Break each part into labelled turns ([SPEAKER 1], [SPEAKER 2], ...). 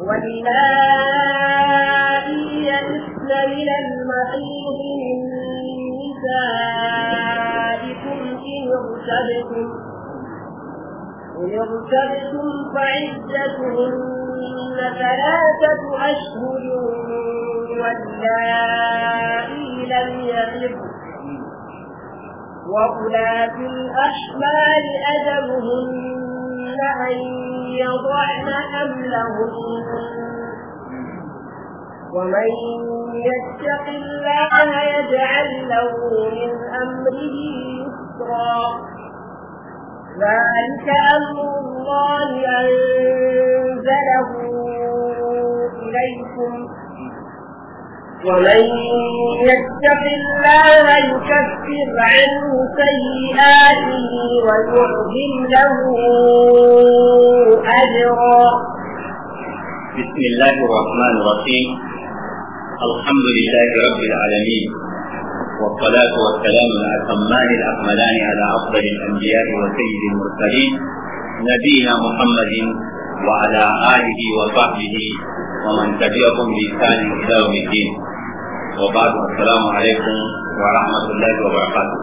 [SPEAKER 1] واللائي يئسن من المحيض من نسائكم إن ارتبتم إن ارتبتم فعدتهن ثلاثة أشهر واللائي لم يغلبن وأولات الأحمال أجلهن أن يضعن حملهن ومن يتق الله يجعل له من أمره يسرا ذلك أمر الله أنزله إليكم ومن يتق الله يكفر عنه سيئاته ويعظم له اجرا
[SPEAKER 2] بسم الله الرحمن الرحيم الحمد لله رب العالمين والصلاة والسلام على الأتمان الأكملان على أفضل الأنبياء وسيد المرسلين نبينا محمد وعلى آله وصحبه ومن تبعهم بإحسان إلى يوم الدين وبعد السلام عليكم ورحمة الله وبركاته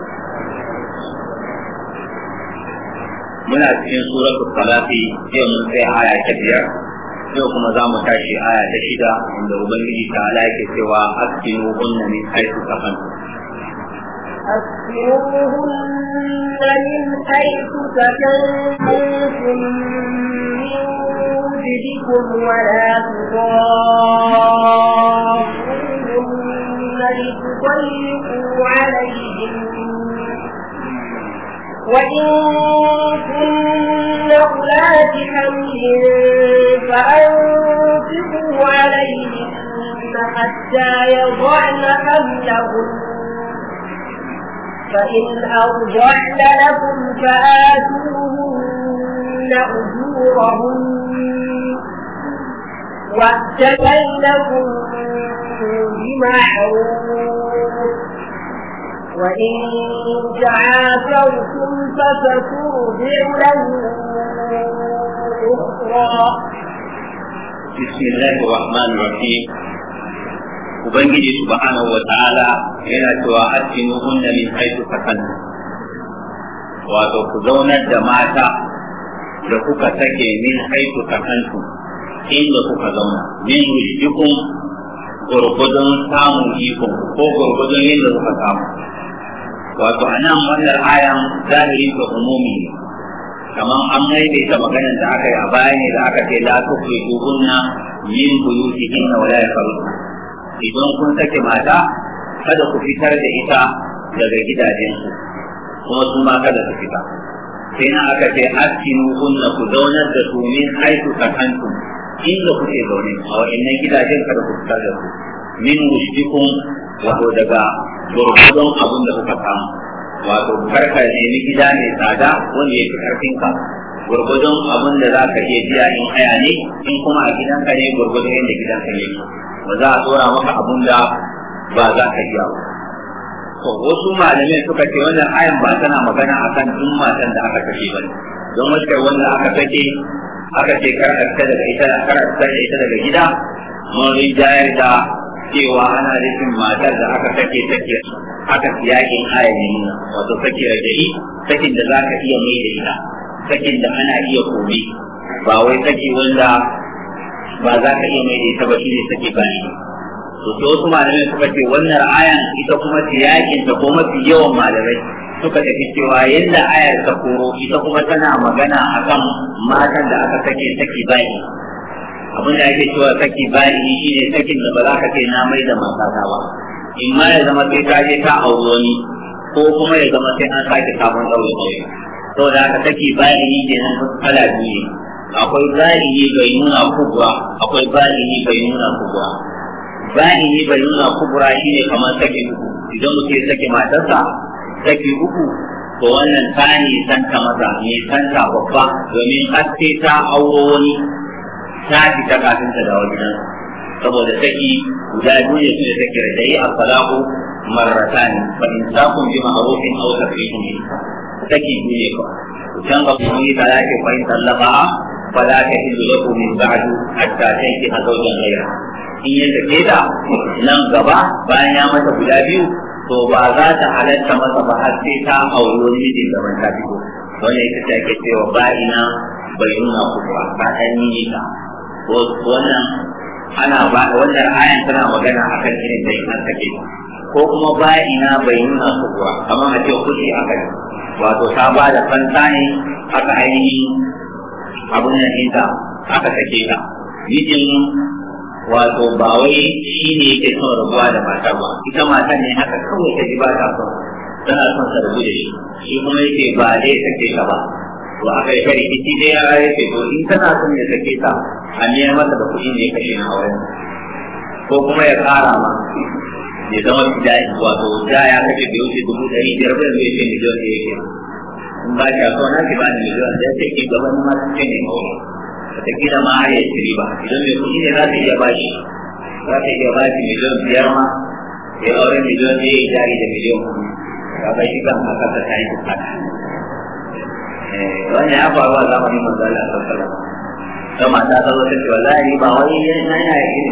[SPEAKER 2] muna cikin suratul talaqi yau mun sai aya ta yau kuma za mu tashi aya ta shida inda ubangiji ta ala yake cewa askinu hunna min haythu safan
[SPEAKER 1] askinuhunna min haythu sakantum min ولا تضاروهن ولتضيقوا عليهم وإن كن أولاد حمل فأنفقوا عليهن حتى يضعن حملهن فإن أرجعن لكم فآتوهن أجورهن واتبينهم بمعروف وإن تعافرتم فسترجع له أخرى
[SPEAKER 2] بسم الله الرحمن الرحيم ubangiji subhanahu wa ta'ala yana cewa askinu hunna min haythu sakanna wato ku zaunar da mata da kuka sake min haythu sakantu inda kuka zama min rijikun gurgudun samun ikon ko gurgudun da kuka samu wato a nan wannan ayan zahiri ga umumi ne kamar an maimaita maganar da aka yi a baya ne da aka ce la tukri tuhunna min buyutihinna wala yakhrujna idan kun sake mata kada ku fitar da ita daga gidajensu kuma su ma kada su fita sai na aka ce askinu kunna ku zaunar da su min haitu sakantum inda kuke zaune a wa'annan gidajen da ku fitar da su min mushrikun wato daga gurgurdon abin da kuka samu wato karka nemi gida ne tsada wani ya fi karfin ka gurgurdon abin da za ka iya biya in haya ne in kuma a gidanka ne gurgurdon yadda gidanka ne ba za a tsora maka abin da ba za ka iya ba to wasu malamai suka ce wannan ayan ba tana magana akan duk matan da aka kashe ba don wacce wanda aka kashe aka ce kar a fita daga ita da a da ita daga gida mun rijayar da cewa ana rikin matar da aka sake sake aka yakin ayan nuna wato sake rajai sakin da za ka iya mai da ita sakin da ana iya kome ba wai sake wanda ba za ka iya mai da ita ba shi ne sake bani to sai wasu malamai suka ce wannan ayan ita kuma yakin ta ko mafi yawan malamai suka tafi cewa yadda ayar ta koro ita kuma tana magana akan matan da aka sake saki bayi abin da ake cewa saki bayi shi ne sakin da ba za ka ce na mai da matata ba in ma ya zama sai ka je ta auro ni ko kuma ya zama sai an sake sabon aure aure saboda aka saki bayi ne kenan kala biyu akwai bayi bai nuna kubwa akwai bayi bai nuna kubwa zahiri bai nuna kubura shi ne kamar sake uku idan mutum ya sake matarsa sake uku to wannan ta ne santa maza ne santa babba domin haske ta auro wani ta ta kafinta da dawo nan saboda saki guda biyu ne su ne da yi a salaku ne ba in sakun bi ma'rufin aw ne saki biyu ne fa can ka kuma yi talaki fa in sallaba fa la tahillu lakum min ba'du hatta tankiha zawjan ghayra in ya sake ta nan gaba bayan ya mata guda biyu to ba za ta halatta masa ba har sai ta auri wani mijin da ta fito wannan ita ta ke cewa ba'ina bai nuna ku ba ta nini ta wannan ana ba wannan ayan tana magana akan irin da ina take ko kuma ba'ina bai nuna kuma amma a ce kuɗi a kai wato ta ba da fanta ne aka ainihin abin da ita aka take ta mijin wato ba wai shi ne ke son rabuwa da mata ba ita mata ne haka kawai ta ji ba ta son tana son ta rabu da shi shi kuma yake ba zai sake ka ba to a kai kai kici dai yara ya ce to in kana son ya sake ka a ne mata da kuɗi ne kashe na auren ko kuma ya ƙara ma ya zama fidai wato da ya kashe da yauce dubu ɗari biyar ba zai ce miliyon ɗaya ke in ba ta so na ki ba ni miliyon ɗaya sai gaban gaba ma ce ne auren da gina ma har ya ci idan mai kuɗi ne za ta iya bashi za ta iya bashi miliyan biyar ma ya aure miliyan ɗaya ya jari da miliyan hudu kaga shi kan haka ta ta yi bukata eh, wannan ya faru a zamanin manzo Allah sallallahu alaihi wasallam da mata ta zo ta ce wallahi ba wai yana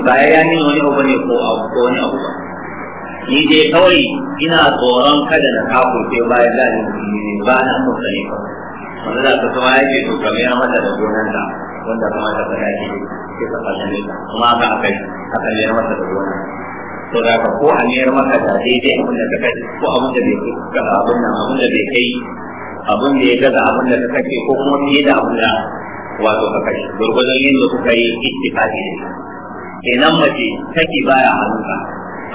[SPEAKER 2] ba ya yi wani abu ne ko abu ko wani abu ba ni dai kawai ina tsoron kada na kafurce bayan da ba na son sani ba wanda za kuma ya to kamar ya mata da gonan ta wanda kuma ta fara shi ke safashe ne kuma ka akai haka ne masa da gona to da ka ko a mayar maka da daidai abin da ka kai ko abin da bai kai abin nan abin da bai kai abin da ya gaza abin da ka kake ko kuma fiye da abin da wato ka kai gurgurdan yadda kuka yi ittifaqi ne kenan mace take baya hannunka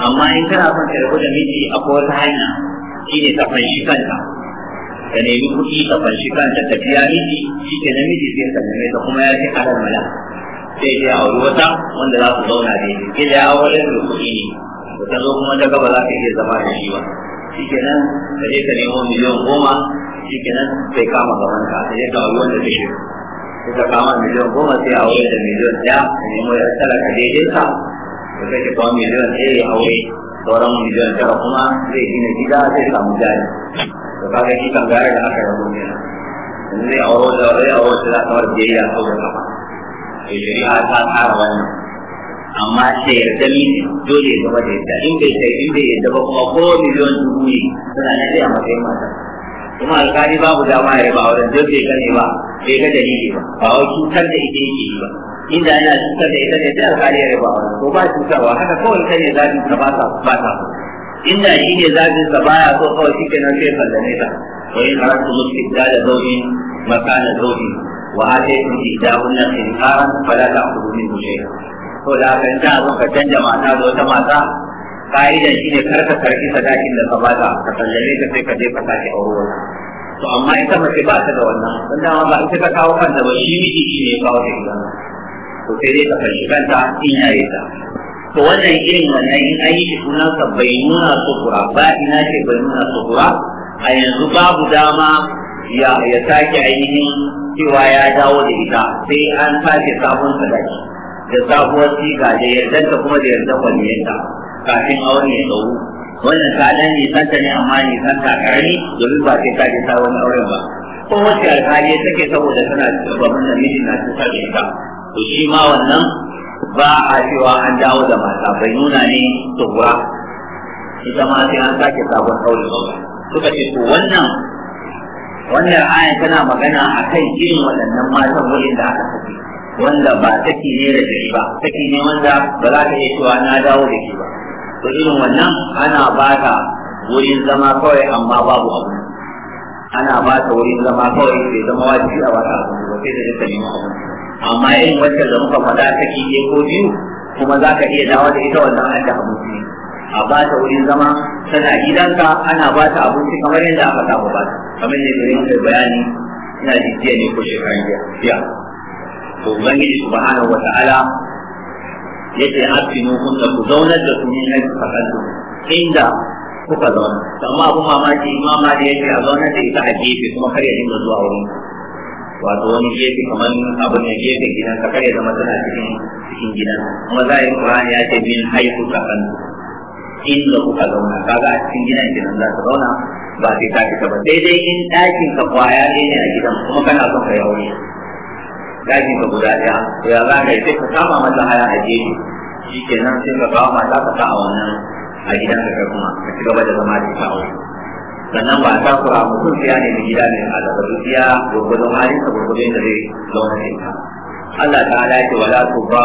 [SPEAKER 2] amma in kana son ka rabu da miji akwai wata hanya shine ta fanshi kanta ka nemi kuɗi ka fanshi kanta ta biya miji shi ke namiji sai ka nemi ta kuma ya ce alal mala sai ya auri wata wanda za su zauna da shi ke da aure da kuɗi ne ta zo kuma ta gaba za ka iya zama da shi ba shi ke nan ka je ka nemo miliyan goma shi ke nan sai kama gaban ka sai ya ka auri wanda ta shi sai ka kama miliyan goma sai aure da miliyan ɗaya ka nemo ya talaka daidai ka da kake kawo miliyan ɗaya ya aure sauran miliyan tara kuma zai gina gida zai samu jari to kaga shi kan gara da aka rabu ne yanzu zai auro da zai auro da za ta bar biyayya ko da kafa to shari'a ta tsara wannan amma sai yarda mini dole ya zama da yadda in bai sai in bai yadda ba kuma ko miliyon dubu ne suna na zai a matsayin mata kuma alƙali babu dama ya ba wajen don bai gane ba bai ga dalili ba ba wai cutar da ita yake yi ba inda yana cutar da ita ne sai alƙali ya ba wajen ko ba cutarwa haka kawai ta ne zaɓi ta ba ta ba ta inda shi ne zafin sa baya so kawai shi kenan sai sallame ta wa in karatu musulmi da da zaujin makana zaujin wa ataytum ihdahunna khintaran fala ta'khudhu mu shay'a to da haka in ta zo ka canja mata da wata mata ka'ida shi ne karka karki sadakin da ka bata ka sallame ta sai ka je ka sake aure to amma ita mace ba ta da wannan dan dama ba ita ta kawo kanta ba shi miji ne kawo ta to sai dai ka kashi kanta in yayi ta to wannan irin wannan in an yi shi sunan ka bai nuna sukura ba ina ce bai nuna sukura a yanzu babu dama ya ya sake ainihin cewa ya dawo da ita sai an sake sabon sadaki da sabuwar siga da yardanta kuma da yardar waliyanta kafin auren ya tsawo wannan dan ne santa ne amma ne santa ƙarami domin ba sai sake sabon auren ba ko wacce alhali take saboda tana shugaban namiji na cutar da ita to shi ma wannan ba a cewa an dawo da mata bai nuna ne tsohuwa ita ma sai an sake sabon aure suka ce to wannan wannan aya tana magana a kan irin waɗannan matan wurin da aka saki wanda ba saki ne da jiri ba saki ne wanda ba za ka iya cewa na dawo da ke ba to irin wannan ana ba ta wurin zama kawai amma babu abu ana ba ta wurin zama kawai bai zama wajibi a wata abu ba sai da ta nemi abu amma in waccan da muka faɗa ta ke ko biyu kuma za ka iya dawo da ita wannan an da abinci a ba ta wurin zama tana gidanka ana ba ta abinci kamar yadda aka samu ba ta kamar yadda yin kai bayani ina jijiya ne ko shekaran jiya to ubangiji subhanahu wa ta'ala yace abinu da ku zaunar da su min aiki fakaltu inda kuka zauna amma abun mamaki imama da ce a zaunar da ita a gefe kuma kar ya dinga zuwa wurin ku wato wani gefe kamar abin ne gefe gidan ka kare zama tana cikin cikin gidan kuma za a yi Qur'ani ya ce min haiku sakan inda kuka zauna kaga a cikin gidan gidan za ka zauna ba sai ka fita ba daidai in ɗakin ka kwaya ne a gidan kuma kana son ka yi aure ɗakin ka guda ɗaya to ya za ka yi sai ka kama masa haya a gefe shi kenan sai ka kawo mata ka sa a wannan a gidan ka kuma ka ci gaba da zama da ita aure sannan ba a takura mutum sai ne da gida mai halaka dukiya gurgudun halin ka gurgudun da zai zauna da Allah ta ala ce wala su ba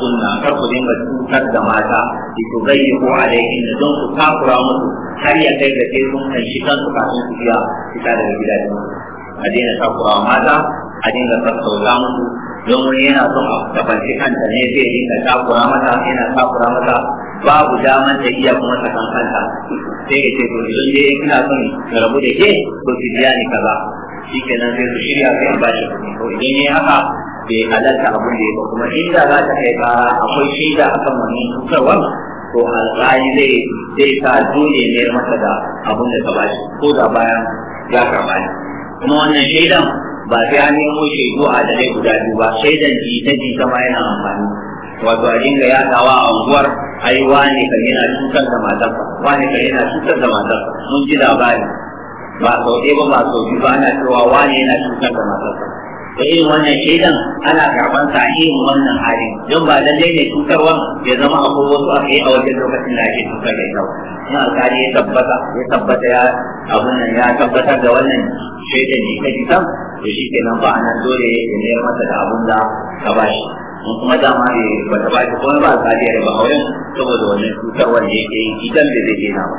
[SPEAKER 2] sunna kar ku dinga cutar da mata ki ku gayyi ko alaihin da don ku takura musu har ya kai da sai sun kan shi kansu kafin su biya fita daga gidajen a daina takura mata a dinga sassauta musu don wani yana son a kafanci kanta ne zai dinga takura mata yana takura mata babu daman da iya kuma sakan kanta sai ya ce to idan dai kina son rabu da ke to ki biya ni kaza shikenan sai su shirya sai ba bashi to idan ne haka bai halarta abun da ya ba kuma inda za ta kai kara akwai shaida akan wannan cutarwa to alƙali zai zai sa dole ne masa da abun da ka bashi ko da bayan ya karɓa kuma wannan shaidan ba sai an nemo shi zuwa da dai guda biyu ba ji ta ji ma yana amfani wato a dinga ya tawa a unguwar ai wane kan yana cutar da matarsa wane kan yana cutar da matarsa mun ji labari ba sau ɗaya ba ba sau biyu ba ana cewa wane yana cutar da matarsa da irin wannan shaidan ana karɓar sa irin wannan hali don ba lalle ne cutarwa ya zama akwai wasu aka yi a wajen lokacin da ake cutar da ita na alƙali ya tabbata ya tabbata ya abun nan ya tabbatar da wannan shaidan ne ta kisan to shi kenan ba nan dole ya mayar masa da abun da ka ba shi in kuma dama ne ba ta ba shi kuma ba alƙali ya raba auren saboda wannan cutarwar da ya yi idan da zai daina ba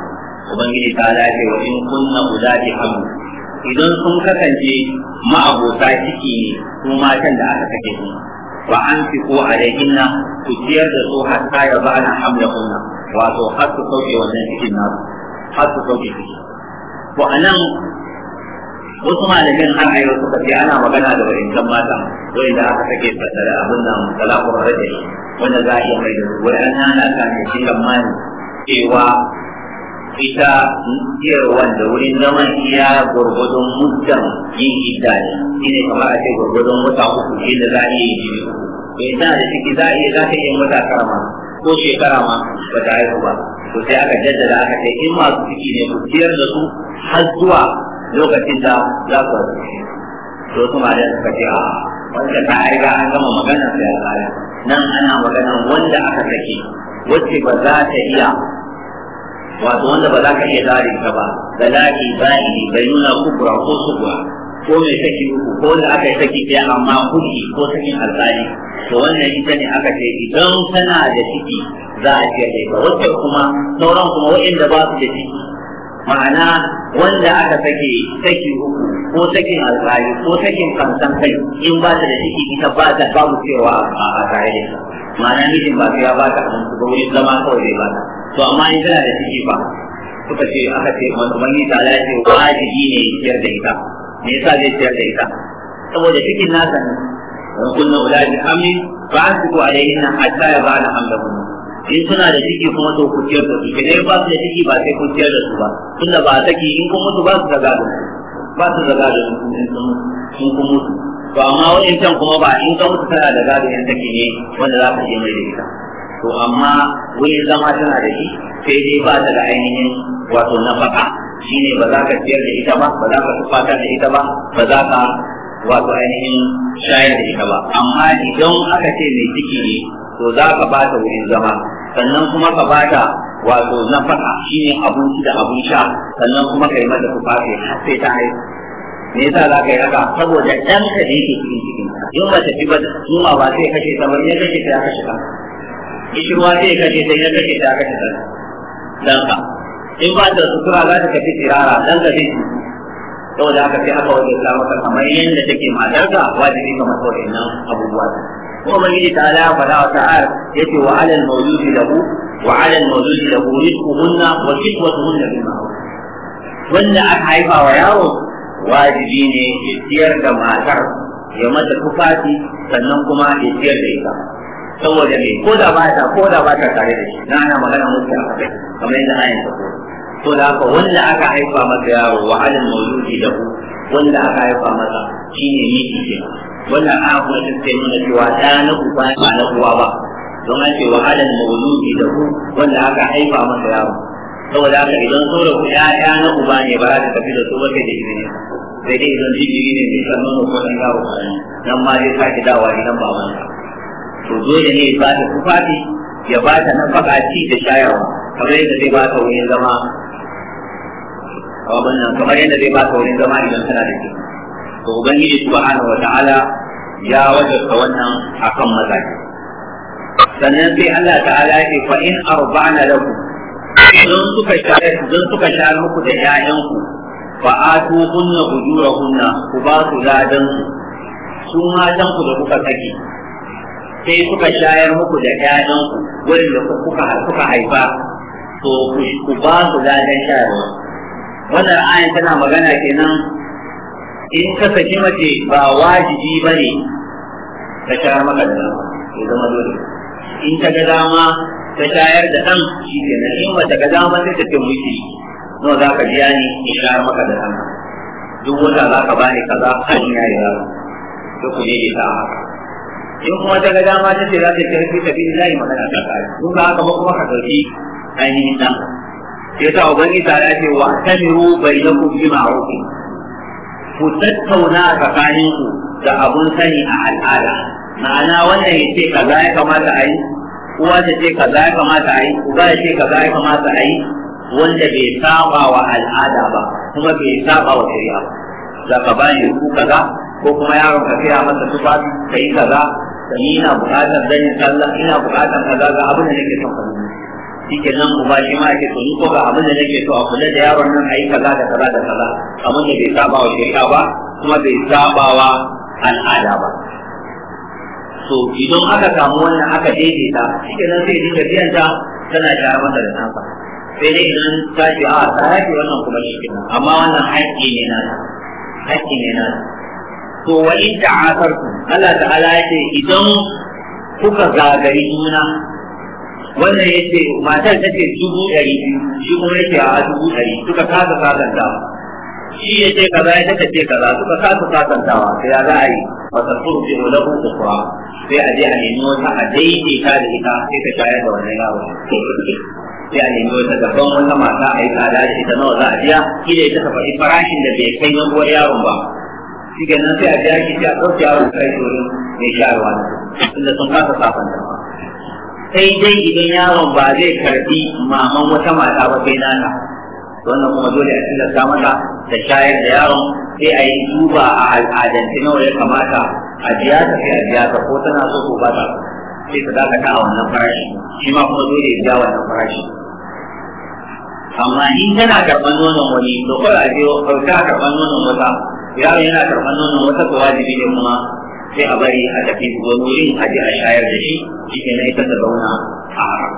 [SPEAKER 2] ubangiji ta lafiya wa in kunna ulati hamdu idan sun kasance ma'abota ciki ne su matan da aka kake su wa an fi ko a daginna ku ciyar da su hatta ya ba na hamla kunna wato har su sauke wannan cikin nasu har su sauke ciki to a nan wasu malamin har a yau suka ce ana magana da wa'incan mata wa'inda aka sake tattare abin nan talakun rajin wanda za a iya mai da su wa'in ana kan cikin mani cewa ita ciyarwar wanda wurin zaman iya gwargwadon mutan yin ita ne shi ne kamar a ce gwargwadon wata uku shi da za a iya yi biyu to ita da ciki za a iya za ta iya wata karama ko shekara ma ba ta haihu ba to sai aka jaddada aka ce in masu ciki ne ku ciyar da su har zuwa lokacin da za ku rasu to su ma da suka ce a wanda ta aiga an gama magana sai a nan ana magana wanda aka sake wacce ba za ta iya wato wanda ba za ka iya dare ka ba da la'i bai bai nuna kubra ko subra ko mai saki uku ko da aka yi saki ɗaya amma kuɗi ko sakin alƙali to wannan ita ne aka ce idan tana da ciki za a ciyar da wacce kuma sauran kuma waɗanda ba su da ciki ma'ana wanda aka sake saki uku ko sakin alƙali ko sakin kansan kai in ba ta da ciki ita ba ta babu cewa a tare da ita ma'ana mijin ba ya ba ta abinci ba wani zama kawai zai ba ta to amma in tana da ciki ba suka ce aka ce wani wani ta lafi wajibi ne ciyar da ita me yasa zai ciyar da ita saboda cikin nasa ne kunna wulaji amin ba su ko a hatta ya ba na hamla kuma in suna da ciki kuma to ku ciyar da su idan ba su da ciki ba sai ku ciyar da su ba tunda ba saki in kun mutu ba su da gado ba su da gado in kun mutu to amma wa'incan kuma ba in ka mutu tana da gado yan take ne wanda za ka je mai da ita to amma wurin zama tana da shi sai dai ba ta da ainihin wato nafaka shine ba za ka ciyar da ita ba ba za ka tufatar da ita ba ba za ka wato ainihin shayar da ita ba amma idan aka ce mai ciki ne to za ka ba ta wurin zama sannan kuma ka ba ta wato na Shi ne abinci da abin sha sannan kuma ka yi mata tufafi har sai ta haihu me yasa za ka yi haka saboda ɗan ka da yake cikin cikin in ba ta ci ba nuna ba sai kashe ta ba ya kashe ta ya kashe ta kishirwa sai kashe ta ya kashe ta ya kashe ta in ba ta sutura za ta tafi tirara ka zai saboda haka sai aka wajen ta maka kamar yadda take matar ka wajibi kamar sauran nan abubuwa kuma yi ta ala fada wa ta'ar yace wa alal mawjudi lahu wa alal mawjudi lahu rizquhunna wa kiswatuhunna bil ma'ruf wanda aka haifa wa yaro wajibi ne ya ciyar da matar ya mata tufafi sannan kuma ya ciyar da ita saboda ne, ko da ba ta ko da ba ta tare da shi na ana magana musu a kai, kamar yadda ayin ta to da haka wanda aka haifa masa yaro wa alal mawludi da ku wanda aka haifa masa shine miji ke wannan a wata sai nuna cewa da na uba ba na uwa ba don an ce wa alal mawludi da ku wanda aka haifa masa yaro saboda haka idan so da ku ya'ya na uba ne ba za ta tafi da su ba sai da izini sai dai idan jijiri ne zai san nono ko ɗan yaro ba. nan ma zai sake dawa idan ba wani to dole ne ya ba ta tufafi ya ba ta nafaka ci da shayarwa kamar yadda zai ba ta wuyan zama abin nan kamar yadda zai baka wurin zama idan kana da shi to ubangiji subhanahu wa ta'ala ya wajabta wannan akan mazaje sannan sai Allah ta'ala ya ce fa in arba'na lakum idan suka share idan suka shayar muku da ƴaƴanku fa atu kunna ujurahunna ku ba su ladan su matan ku da kuka saki sai suka shayar muku da ƴaƴanku wanda kuka kuka haifa to ku ba su ladan shayarwa wannan ayan tana magana kenan in ka saki mace ba wajibi ba ne ka shayar maka da dama ya zama dole in ta ga dama ta shayar da ɗan shi kenan in mace ga dama sai ta ce miki nawa za ka biya ni in shayar maka da dama duk wata za ka bani kaza kan ya yi yaro to ku ne ta haka in kuma ta ga dama ta ce za ta ce ta fi ta bi magana ta kare duk ba haka ba kuma ka ɗauki ainihin ɗan sa yasa ubangiji ta ce wa tamiru bainakum bi ma'ruf ku tattauna tsakanin ku da abun sani a al'ada ma'ana wannan ya ce kaza ya kamata a yi uwa ta ce kaza ya kamata a yi uba ya ce kaza ya kamata a yi wanda bai saba wa al'ada ba kuma bai saba wa shari'a ba za ka ba ni ku kaza ko kuma yaron ka kira masa tufa ka yi kaza ni ina bukatar zan yi sallah ina bukatar kaza ga abin da nake son ka shike nan uba shi ma yake tuni ko ga abin da nake so a kula da yaron nan yi kaza da kaza da kaza abin da bai saba wa shari'a ba kuma bai saba wa al'ada ba so idan aka samu wannan aka daidaita shike nan sai dinga biyan ta tana gyara mata da nasa sai dai idan ta ce a ah, ta yake wannan kuma shi amma wannan haƙƙi ne na haƙƙi ne na to wa in ta'asarku Allah ta'ala ya ce idan kuka zagari juna wannan ya ce matan ta ce dubu ɗari shi kuma ya ce a dubu ɗari suka kasa sasantawa shi ya ce kaza ya ta ce kaza suka kasa sasantawa sai ya za a yi fasasur fi ulahu ukra sai a je a nemi wata a daidaita da ita sai ta shayar da wannan yaro sai a nemi wata gaban wata mata a yi tsada da ita nawa za a biya shi da ita ta faɗi farashin da bai kai na uwar yaron ba shi nan sai a biya shi sai a ɗauki yaron kai wurin mai shayarwa tunda sun kasa sasantawa sai dai idan yaron ba zai karbi maman wata mata ba sai nana wannan kuma dole a tilasta mata da shayar da yaron sai a yi duba a al'adance nawa ya kamata a biya ta sai a biya ta ko tana so ko ba ta sai ta dakata a wannan farashi shi ma kuma dole ya biya wannan farashi amma in tana karɓar nonon wani to kawai a je kawai ta karɓar nonon wata yaron yana karɓar nonon wata to wajibi ne kuma sai a bari a tafi wani wurin a je a shayar da shi shi na ita ta zauna a haka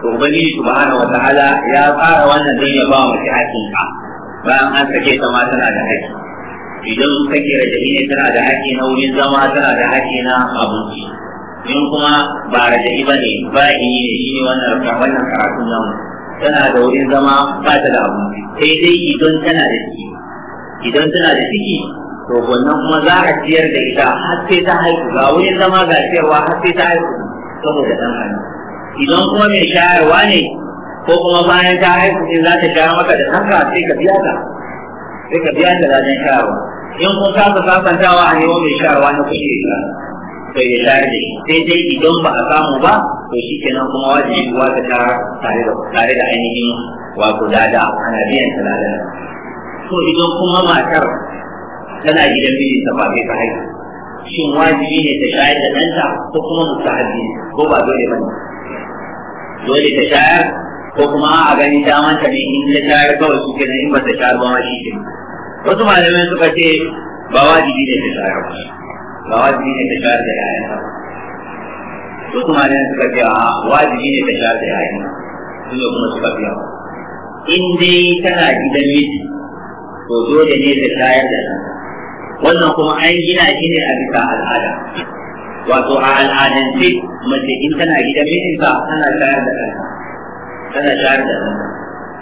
[SPEAKER 2] to ubangiji subhanahu wataala ya fara wannan don ya ba mace ka. bayan an sake ta ma tana da haƙƙi idan kake rajahi ne tana da haƙƙi na wurin zama tana da haƙƙi na abinci in kuma ba rajahi ba ne ba yi ne shi ne wannan wannan karatun mu, tana da wurin zama ba ta da abinci sai dai idan tana da ciki idan tana da ciki to wannan kuma za a ciyar da ita har sai ta haihu ga wani zama ga ciyarwa har sai ta haihu saboda dan hannu idan kuma mai shayarwa ne ko kuma bayan ta haihu sai za ta shayar maka da ɗanka sai ka biya ta sai ka biya ta lajen shayarwa in kun kasa sasantawa a neman mai shayarwa na kuɗi ne. Sai ya shayar da sai dai idan ba a samu ba to shi kenan kuma wajibi uwa ta shayar tare da tare da ainihin wato dada ana biyan ta lajen to idan kuma matar tana gidan miji ta fafe ka haihu shin wajibi ne ta shayar da ɗanta ko kuma mustahabi ko ba dole ba ne dole ta shayar ko kuma a gani daman ta ne in ta shayar kawai su kenan in ba ta shayar ba ma shi ke wasu malamai suka ce ba wajibi ne ta shayar ba ba wajibi ne ta shayar da yayan ba su kuma ne suka ce a wajibi ne ta shayar da yayan su ne kuma suka biya in dai tana gidan miji to dole ne ta shayar da ɗanta wannan kuma an gina shi ne a bisa al'ada wato a al'adance mace in tana gidan mijinta tana shayar da kanta tana shayar da kanta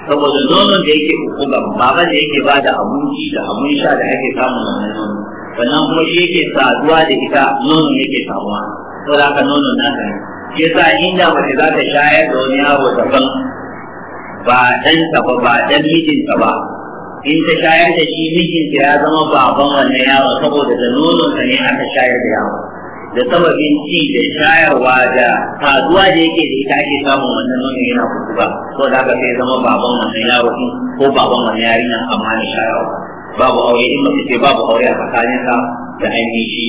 [SPEAKER 2] saboda nonon da yake kuma baba da yake ba da abinci da abun sha da ake samu na nono sannan kuma shi yake saduwa da ita nonon yake samuwa saboda haka nonon na ne shi yasa inda mace za ta shayar da wani yaro daban ba ɗansa ba ba ɗan mijinta ba in ta shayar da shi mijinta ya zama baban wannan yawo saboda da nonon nononsa ne aka shayar da yawo da sababin ci da shayarwa da faduwa da yake da ita ake samun wannan nono yana ba. So da haka sai zama baban wannan yaro ko baban wannan yarinya amma ne shayarwa babu aure in mace ce babu aure a sa. da ainihin shi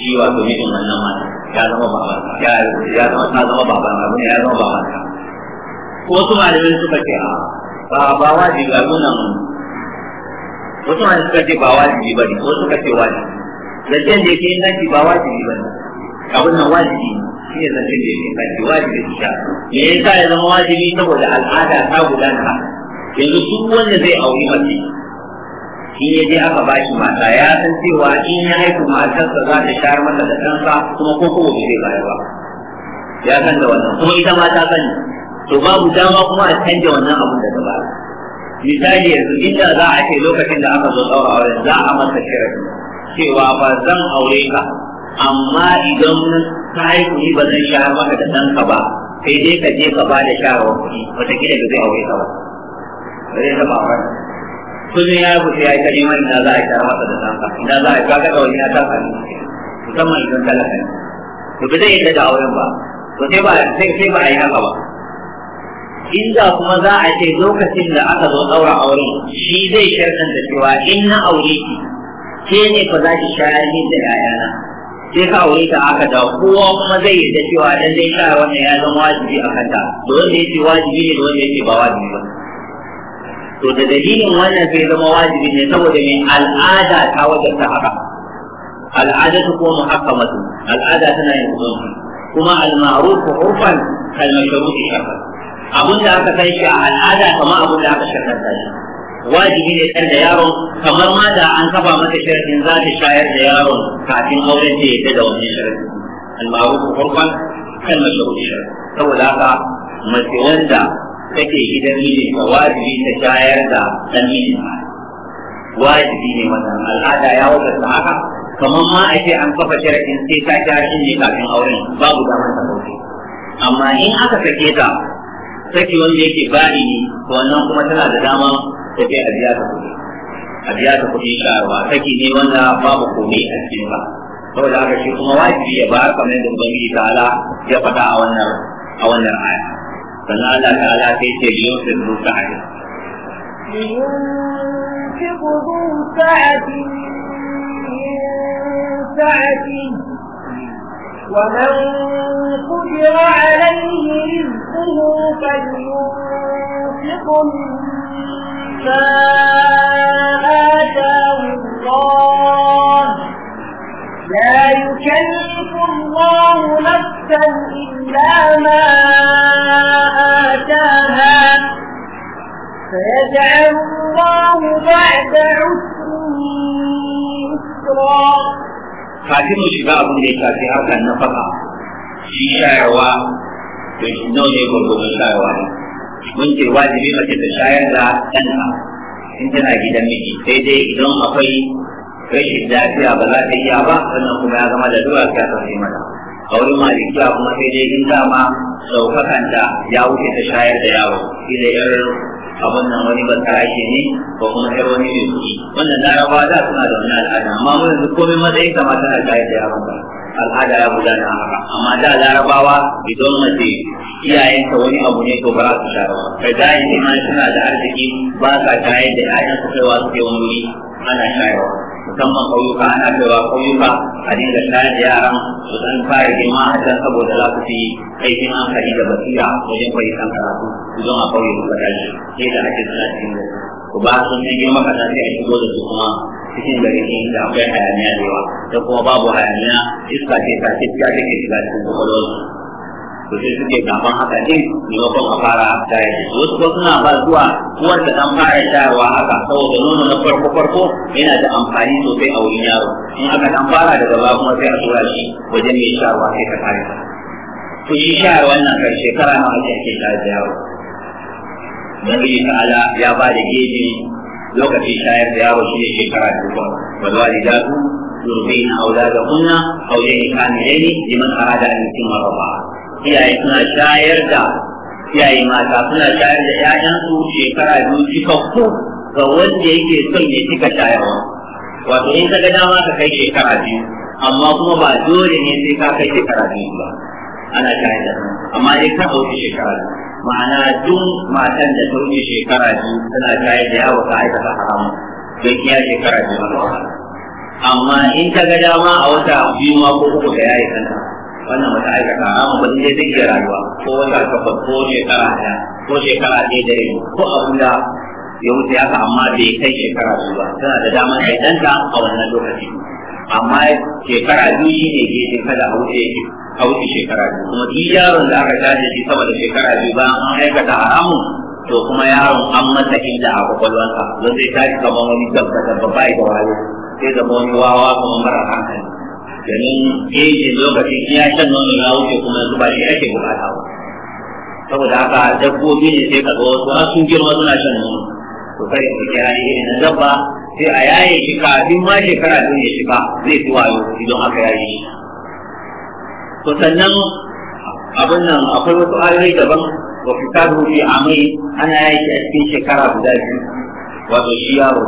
[SPEAKER 2] shi wato mijin wannan mata ya zama baban ya ya zama ta zama baban ne ya zama baban ko su malamin suka ce a ba ba wajibi a nunan wasu ma suka ce ba wajibi ba ne wasu suka ce wajibi zancen da yake inganci ba wajibi ba ne abin nan wajibi shi ne zancen da yake inganci wajibi su sha me yasa ya zama wajibi saboda al'ada ta gudana yanzu duk wanda zai auri mace in ya je aka bashi mata ya san cewa in ya haifi matarsa za ta shayar masa da ɗansa kuma ko kowa bai zai bayar ba ya san da wannan kuma ita ma ta sani to babu dama kuma a canja wannan abin da ta bayar misali yanzu inda za a ce lokacin da aka zo ɗaura auren za a masa shirin cewa ba zan aure ka amma idan ka haihu ba zan shahar maka da ɗanka ba sai dai ka je ka ba da shawarwar kuɗi wataƙila da zai aure ka ba ba ta taɓa auren kullum ya kusa ya yi ta neman ina za a shahar masa da ɗanka ina za a ga ɗaura na ta faru musamman idan talaka ne to ba zai yi da auren ba to ba sai ba a yi haka ba inda kuma za a ce lokacin da aka zo ɗaura aure, shi zai sharɗan da cewa in na aure ki ke ne fa za ki shayar ni da yayana sai ka aure ta aka da kowa kuma zai yarda cewa dan dai shayar wannan ya zama wajibi a kanta da wanda yake wajibi ne da wanda yake ba wajibi ba to da dalilin wannan zai zama wajibi ne saboda mai al'ada ta wajen ta haka al'ada ta kuma muhakkamatu al'ada tana yin kuma al-ma'ruf urfan kal mashru'i shar'an abin da aka kai shi a al'ada kamar abin da aka da shi wajibi ne tsar da yaron kamar ma da an kafa masa sharadin za ta shayar da yaron kafin auren ta yadda da wannan sharadin al-ma'ruf urfan kan mashauri sharadin saboda haka mace wanda take gidan mijinta wajibi ta shayar da dan mijinta wajibi ne wannan al'ada ya wadata haka kamar ma a ce an kafa sharadin sai ta shayar ne kafin auren babu damar ta kauce amma in aka sake ta saki wanda yake bani ne to wannan kuma tana da dama ta kai a biya ta kuɗi a biya ta kuɗi sha'arwa saki ne wanda babu komai a cikin ba saboda haka shi kuma wajibi ya ba kamar yadda ubangiji ta'ala ya faɗa a wannan a wannan aya sannan Allah ta'ala sai ce biyu da ruka hajji
[SPEAKER 1] لينفق ذو سعة من سعته ومن قدر عليه رزقه فلينفق ما آتاه الله لا يكلف الله نفسا إلا ما آتاها فيجعل الله بعد عسر يسرا
[SPEAKER 2] kafin mu shiga abin da ya shafi harkar na faka shi shayarwa da shi nau ne gwagwamin shayarwa ne mun ce wajibi mace ta shayar da ɗanta in tana gidan miji sai dai idan akwai rashin lafiya ba za ta iya ba sannan kuma ya zama da duwa ta sauke mata a wurin malikiya kuma sai dai in dama daukakanta ya wuce ta shayar da yawo idan yar abin nan wani bata ake ne ko kuma yar wani ne kuɗi wannan larabawa da suna da wani al'ada amma mun yanzu komai matsayin kama tana shayar da yawo al'ada ya gudana haka amma da larabawa idan mace iyayenka wani abu ne ko ba za su shayar ba da ne ma suna da arziki ba sa shayar da 'ya'yansu kaiwa su kai wani wuri ana shayarwa musamman ƙauyuka ana cewa ƙauyuka a dinga shayar da yaran su san fara girma a can saboda za su fi kaifin hankali da basira wajen fahimtar karatu su zama ƙauye su faɗa shi sai da ake suna cikin gari ku ba sun san girma ka sai a shigo da su kuma cikin gari ne da akwai hayaniya da yawa da kuma babu hayaniya iska ce ta ce ta take shiga cikin kwakwalwarsu to sai suke gaban haka din maimakon a fara shayar da su wasu suna ba zuwa uwar da dan fara shayarwa haka saboda nono na farko farko yana da amfani sosai a wurin yaro in aka dan fara daga gaba kuma sai a tura shi wajen mai shayarwa sai ka kare to shi shayarwa nan kan shekara na ake ake shayar da yaro Nabi ta'ala ya ba da gefe lokacin shayar da yaro shi ne shekara da kuma walwali da su يرضين أولادهن أو جهكان عيني لمن أراد أن يتم الرضاعة iyaye suna shayar da iyaye mata suna shayar da ‘ya'yansu shekara biyu cikakku ga wanda yake son ya cika shayarwa wato in ka ga dama ka kai shekara biyu amma kuma ba dole ne sai ka kai shekara biyu ba ana shayar da amma dai ka ɗauki shekara biyu ma'ana duk matan da ta wuce shekara biyu suna shayar da yawo ta aikata haramun don iya shekara biyu amma in ka ga dama a wata biyu ma ko uku da yayi kanta wannan wata aikata A haramun ba zai zai rayuwa ko wata takwas ko shekara ɗaya ko shekara ɗaya da rai ko abin da ya wuce haka amma bai kai shekara biyu ba tana da damar kai ɗanta a wannan lokaci amma shekara biyu shi ne yi kada a wuce a wuce shekara biyu kuma duk yaron da aka tashi shi sama da shekara biyu ba an aikata haramun to kuma yaron an masa illa a kwakwalwansa don zai tashi kamar wani dabba dabba bai da wayo sai zama wani wawa kuma mara hankali domin ejin lokacin ya shan nono ya wuce kuma yanzu ba shi ake bukata ba saboda haka dabbobi ne sai ka zo wasu na sun girma suna shan nono to kada ku kira ne irin dabba sai a yaye shi kafin ma shekara biyu ya shiga zai fi wayo idan aka yaye shi to sannan abin nan akwai wasu ayoyi daban wa fitaru fi amai ana yaye shi a cikin shekara guda biyu wato shi yaro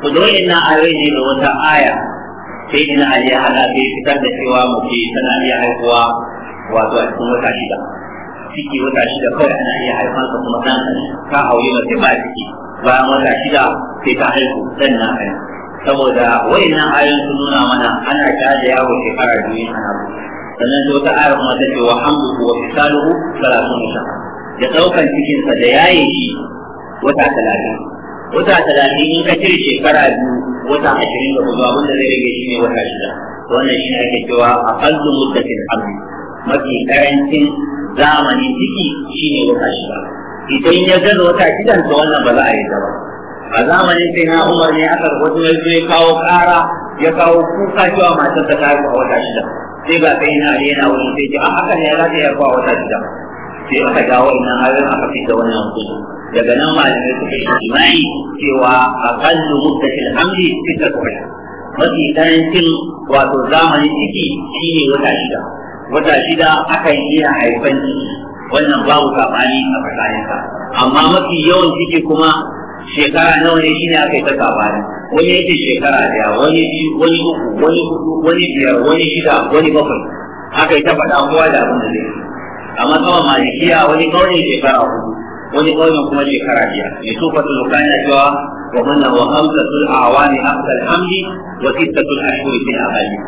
[SPEAKER 2] to don ina ayoyi ne da wata aya sai ina ali ya hada bai fitar da cewa mace tana iya haihuwa wato a cikin wata shida ciki wata shida kawai ana iya haifar ka kuma ɗan ka aure mace ba ciki bayan wata shida sai ta haihu ɗan na haihu saboda wayannan ayoyin sun nuna mana ana caje yawo shekara biyu ana sannan sai wata ayar kuma ta ce wa hamduhu wa fisaluhu salatun shahar da ɗaukan cikinsa da yaye shi wata talatin wata talatin in ka cire shekara biyu wata ashirin da kuma wanda zai rage shi ne wata shida wannan shi ake cewa a kallu muddatin hamdi mafi karancin zamani ciki shi ne wata shida idan ya gaza wata shidan to wannan ba za a yi ba a zamanin sai na umar ne aka wasu ya zo ya kawo kara ya kawo kuka cewa matar ta karu a wata shida sai ba sai na ali yana wani sai ce a haka ne ya za ta yarfa a wata shida sai aka dawo ina har aka fi da wannan hukunci daga nan malamai suka yi imani cewa a aqallu muddatil hamli fita kuɗa mafi karancin wato zamani, ciki shine wata shida wata shida yi iya haifan wannan babu kamani a fasahinsa amma mafi yawan ciki kuma shekara nawa ne shi ne aka yi ta sabani wani yake shekara daya wani biyu wani uku wani hudu wani biyar wani shida wani bakwai aka yi ta faɗa kowa da abin da zai amma kawai malikiya wani kawai shekara hudu wani ƙauyen kuma shekara biyar mai tufatul kana cewa wa manna wa hamsatul awani afsal hamdi wa sittatul ashhur fil ahadi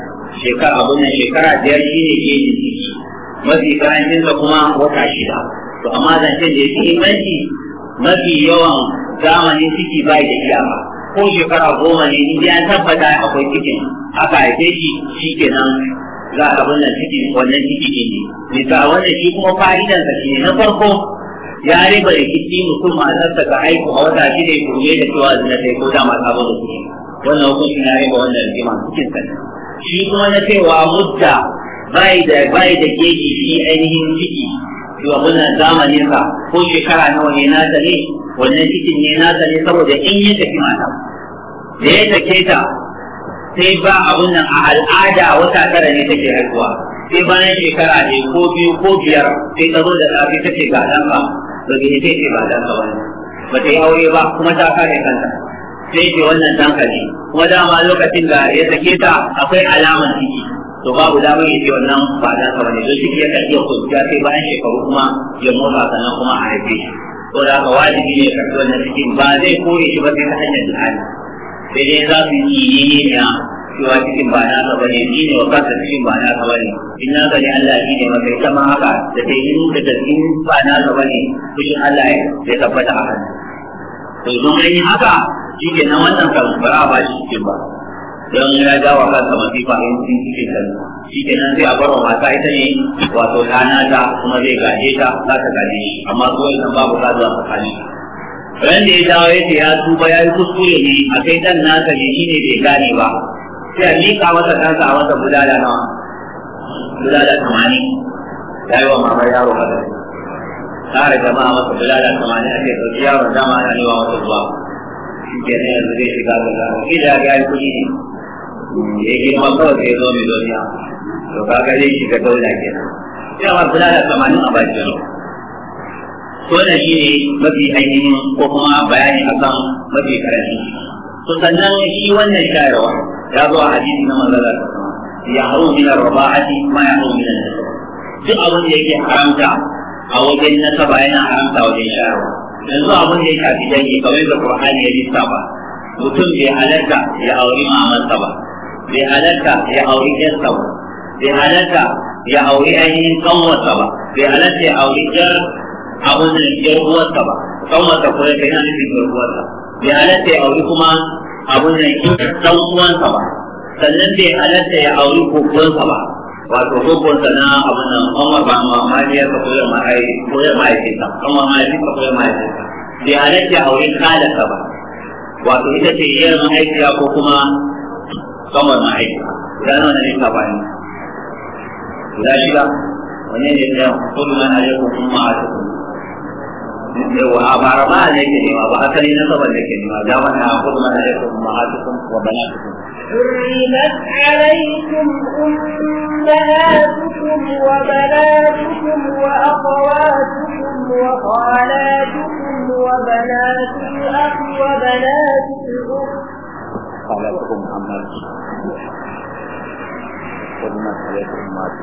[SPEAKER 2] shekara abun nan shekara biyar ne ke yin ciki mafi karancin da kuma wata shida to amma zancen da yake inganci mafi yawan zamanin ciki bai da iyaka ko shekara goma ne in ya tabbata akwai cikin aka haife shi kenan za a abin nan ciki wannan ciki ne bisa wannan shi kuma fa'idansa shi ne na farko ya riba rikici mutum a sassa ka haihu a wata shi ne kuma da cewa zina sai ko dama ta bada su wannan hukunci na riba wannan rigima cikin sa shi kuma na cewa mudda bai da bai da keji shi ainihin ciki to wannan zamanin sa ko shekara nawa ne na ne wannan cikin ne na ne saboda in yi tafi mata da ya take ta sai ba abun nan a al'ada wata tara ne take haihuwa sai bayan shekara ne ko biyu ko biyar sai ta zo da safe take ga ɗanka to bai sai ce ba dan ka wani ba ta yi aure ba kuma ta kare kanta sai ce wannan dan ka ne kuma dama lokacin da ya sake ta akwai alaman ciki to babu damar ya ce wannan ba dan ka wani don ciki ya kan iya kwanciya sai bayan shekaru kuma ya motsa sannan kuma a haife shi ko da haka wajibi ne ya karɓi wannan cikin ba zai kore shi ba sai ta hanyar jihadi sai dai za su yi ne ne na cewa cikin ba na ka bane ni ne wa kanka cikin ba na ka bane in na gani Allah shi ne maka ita ma haka da ta yi da ta in ba na ka bane cikin Allah ya tabbata haka to don an haka shi ke na wannan kan ba ba shi cikin ba don ya ga wa kanka masifa in sun cikin kan shi ke nan sai a bar wa mata ita ne wato rana ta kuma zai gaje ta za ta gaje shi amma kawai nan babu kazuwa tsakanin ran da ya dawo ya ce ya tuba ya yi kuskure ne a kai dan nasa ne shi ne bai gane ba sai a liƙa masa kansa a masa bulala nawa bulala tamanin ya yi wa mamar yaro haka tsara jama'a masa bulala tamanin a ce ɗauki yaron dama ana wa masa zuwa shi ke nan yanzu zai shiga bulala kila ya yi kuɗi ne ya yi girma kawai sai ya zo miliyoniya to kaga zai shiga daula kenan sai a ma bulala tamanin a bakin wannan shi ne mafi ainihin ko kuma bayani akan mafi karanci to sannan shi wannan shayarwa ya zo a hadisi na manzala ya haru min arba'ati ma ya haru min duk abin da yake haramta a wajen nasaba yana haramta wajen shayarwa yanzu abin da ya shafi dangi kamar da qur'ani ya lissafa mutum bai halarta ya auri mamansa ba bai halarta ya auri ƴarsa ba bai halarta ya auri ainihin kanwarsa ba bai halarta ya auri ƴar abun da yar uwarsa ba kanwarsa ko yake yana nufin yar uwarsa bai halatta ya auri kuma abun da yake dan uwansa ba sannan bai halatta ya auri kokuwansa ba wato kokuwansa na abun nan kanwar ba ma maliyar ka koyar mahaifinsa kanwar mahaifinsa koyar mahaifinsa bai halatta ya auri kalaka ba wato ita ce yar mahaifiya ko kuma kanwar mahaifiya idan wannan ne ka bayan guda shida wani ne ya kullu man alaikum kuma alaikum وأمر ما عليك نما وأكل نصبا لك نما دعونا أخذ ما عليكم أمهاتكم وبناتكم
[SPEAKER 1] حرمت عليكم أمهاتكم وبناتكم وأخواتكم وخالاتكم وبنات الأخ وبنات الأخت
[SPEAKER 2] خالاتكم عماتكم حرمت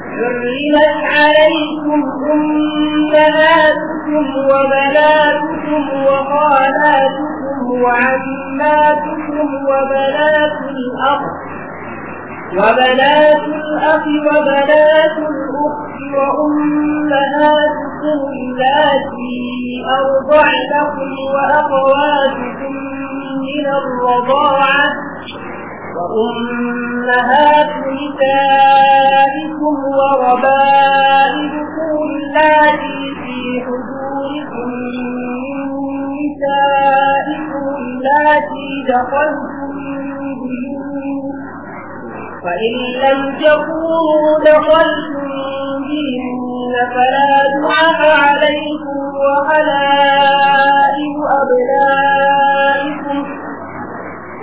[SPEAKER 1] عليكم أمهاتكم وبناتكم وخالاتكم وعماتكم وبنات الأخ وبنات الأخ وبنات الأخت وأمهاتكم التي أرضعنكم وأخواتكم من الرضاعة وأمهات نسائكم وربائبكم التي في حضوركم من نسائكم التي دخلتم فإن لم تكونوا دخلتم بهن فلا دعاء عليكم وحلائم أبنائكم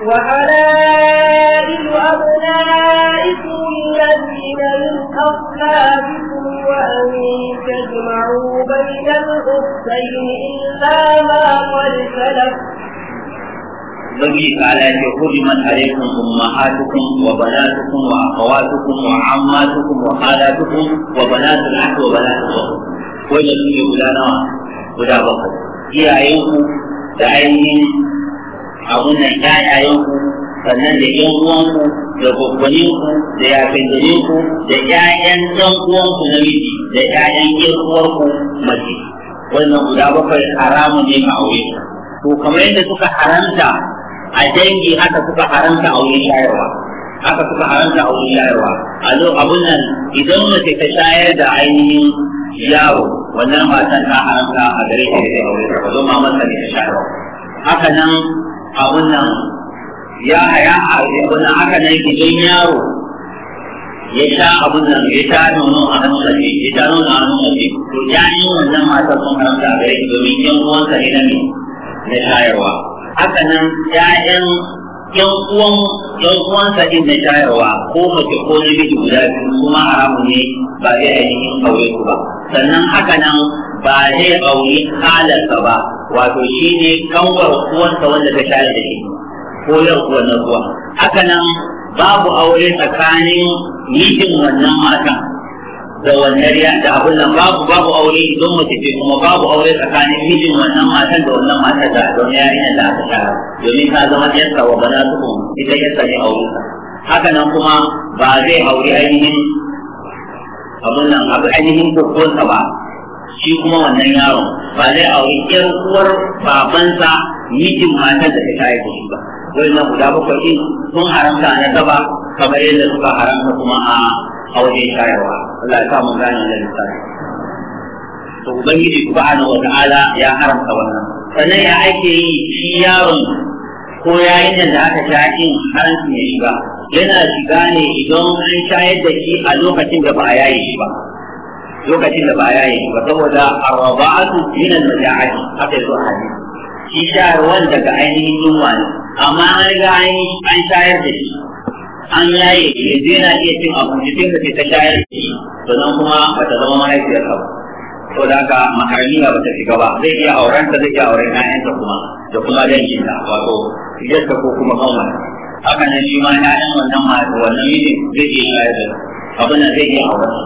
[SPEAKER 1] وحلائل أبنائكم الذين من أصلابكم وأن تجمعوا بين الأختين إلا ما قد سلف
[SPEAKER 2] بقيت على حرمت عليكم أمهاتكم وبناتكم وأخواتكم وعماتكم وخالاتكم وبنات الأخ وبنات الأخت وجدوا يقولون ولا بقى iyayenku da ainihin abun nan ƴaƴayenku sannan da ƴan uwanku da gwagwaninku da yafindaninku da ƴaƴan ɗan uwanku namiji da ƴaƴan ƴan uwarku mace wannan guda bakwai haramun ne ma aure to kamar yadda suka haramta a dangi haka suka haramta aure shayarwa haka suka haramta aure shayarwa a zo abun nan idan mace ta shayar da ainihin yaro wannan matan ta haramta a gare shi da aure ta zo ma ta ne ta shayarwa haka nan abun nan ya haya abun nan haka nan idan yaro ya sha abun nan ya sha nono a hannun mace ya sha nono a hannun mace to ya yi wannan matar sun haramta a gare shi domin yan uwansa ne na ne na shayarwa haka nan ƴaƴan yan uwan yan uwansa din na shayarwa ko mace ko namiji guda biyu kuma haramu ne ba zai ainihin aure ku ba sannan haka nan ba zai aure halarsa ba wato shine kanwar kuwanta wanda ta shayar da shi ko yau kuwa na zuwa. haka nan babu aure tsakanin mijin wannan matan da wannan riya da abin nan babu babu aure don mace ce kuma babu aure tsakanin mijin wannan matan da wannan matan da don yarinyar da aka shara domin ta zama yansa wa bana su ita yansa ne aure haka nan kuma ba zai aure ainihin abin nan abu ainihin kokonsa ba shi kuma wannan yaron ba zai auri ƴar uwar babansa mijin matar da ta yi shi ba wai na guda bakwai din sun haramta na gaba kamar yadda suka haramta kuma a aure shayarwa Allah ya sa mun gane wannan misali to ubangiji subhanahu wata'ala ya haramta wannan sannan ya ake yi shi yaron ko yayin da aka sha din haramta ne shi ba yana shiga ne idan an shayar da shi a lokacin da ba a yayi shi ba lokacin da ba ya yi ba saboda arba'atu min al-maja'ati haka yazo a hadisi shi shayarwan daga ainihin yunwa ne amma an riga an shayar da shi an yaye shi yanzu yana iya cin abinci sai ka ce ta shayar da shi sannan kuma bata zama mahaifiyar ka to da haka makarniya bata shiga ba zai iya auren zai iya auren ƴaƴanta kuma da kuma dangin ta wato yarta ko kuma kawai haka nan shi ma ƴaƴan wannan wannan mijin zai iya shayar da abin da zai iya auren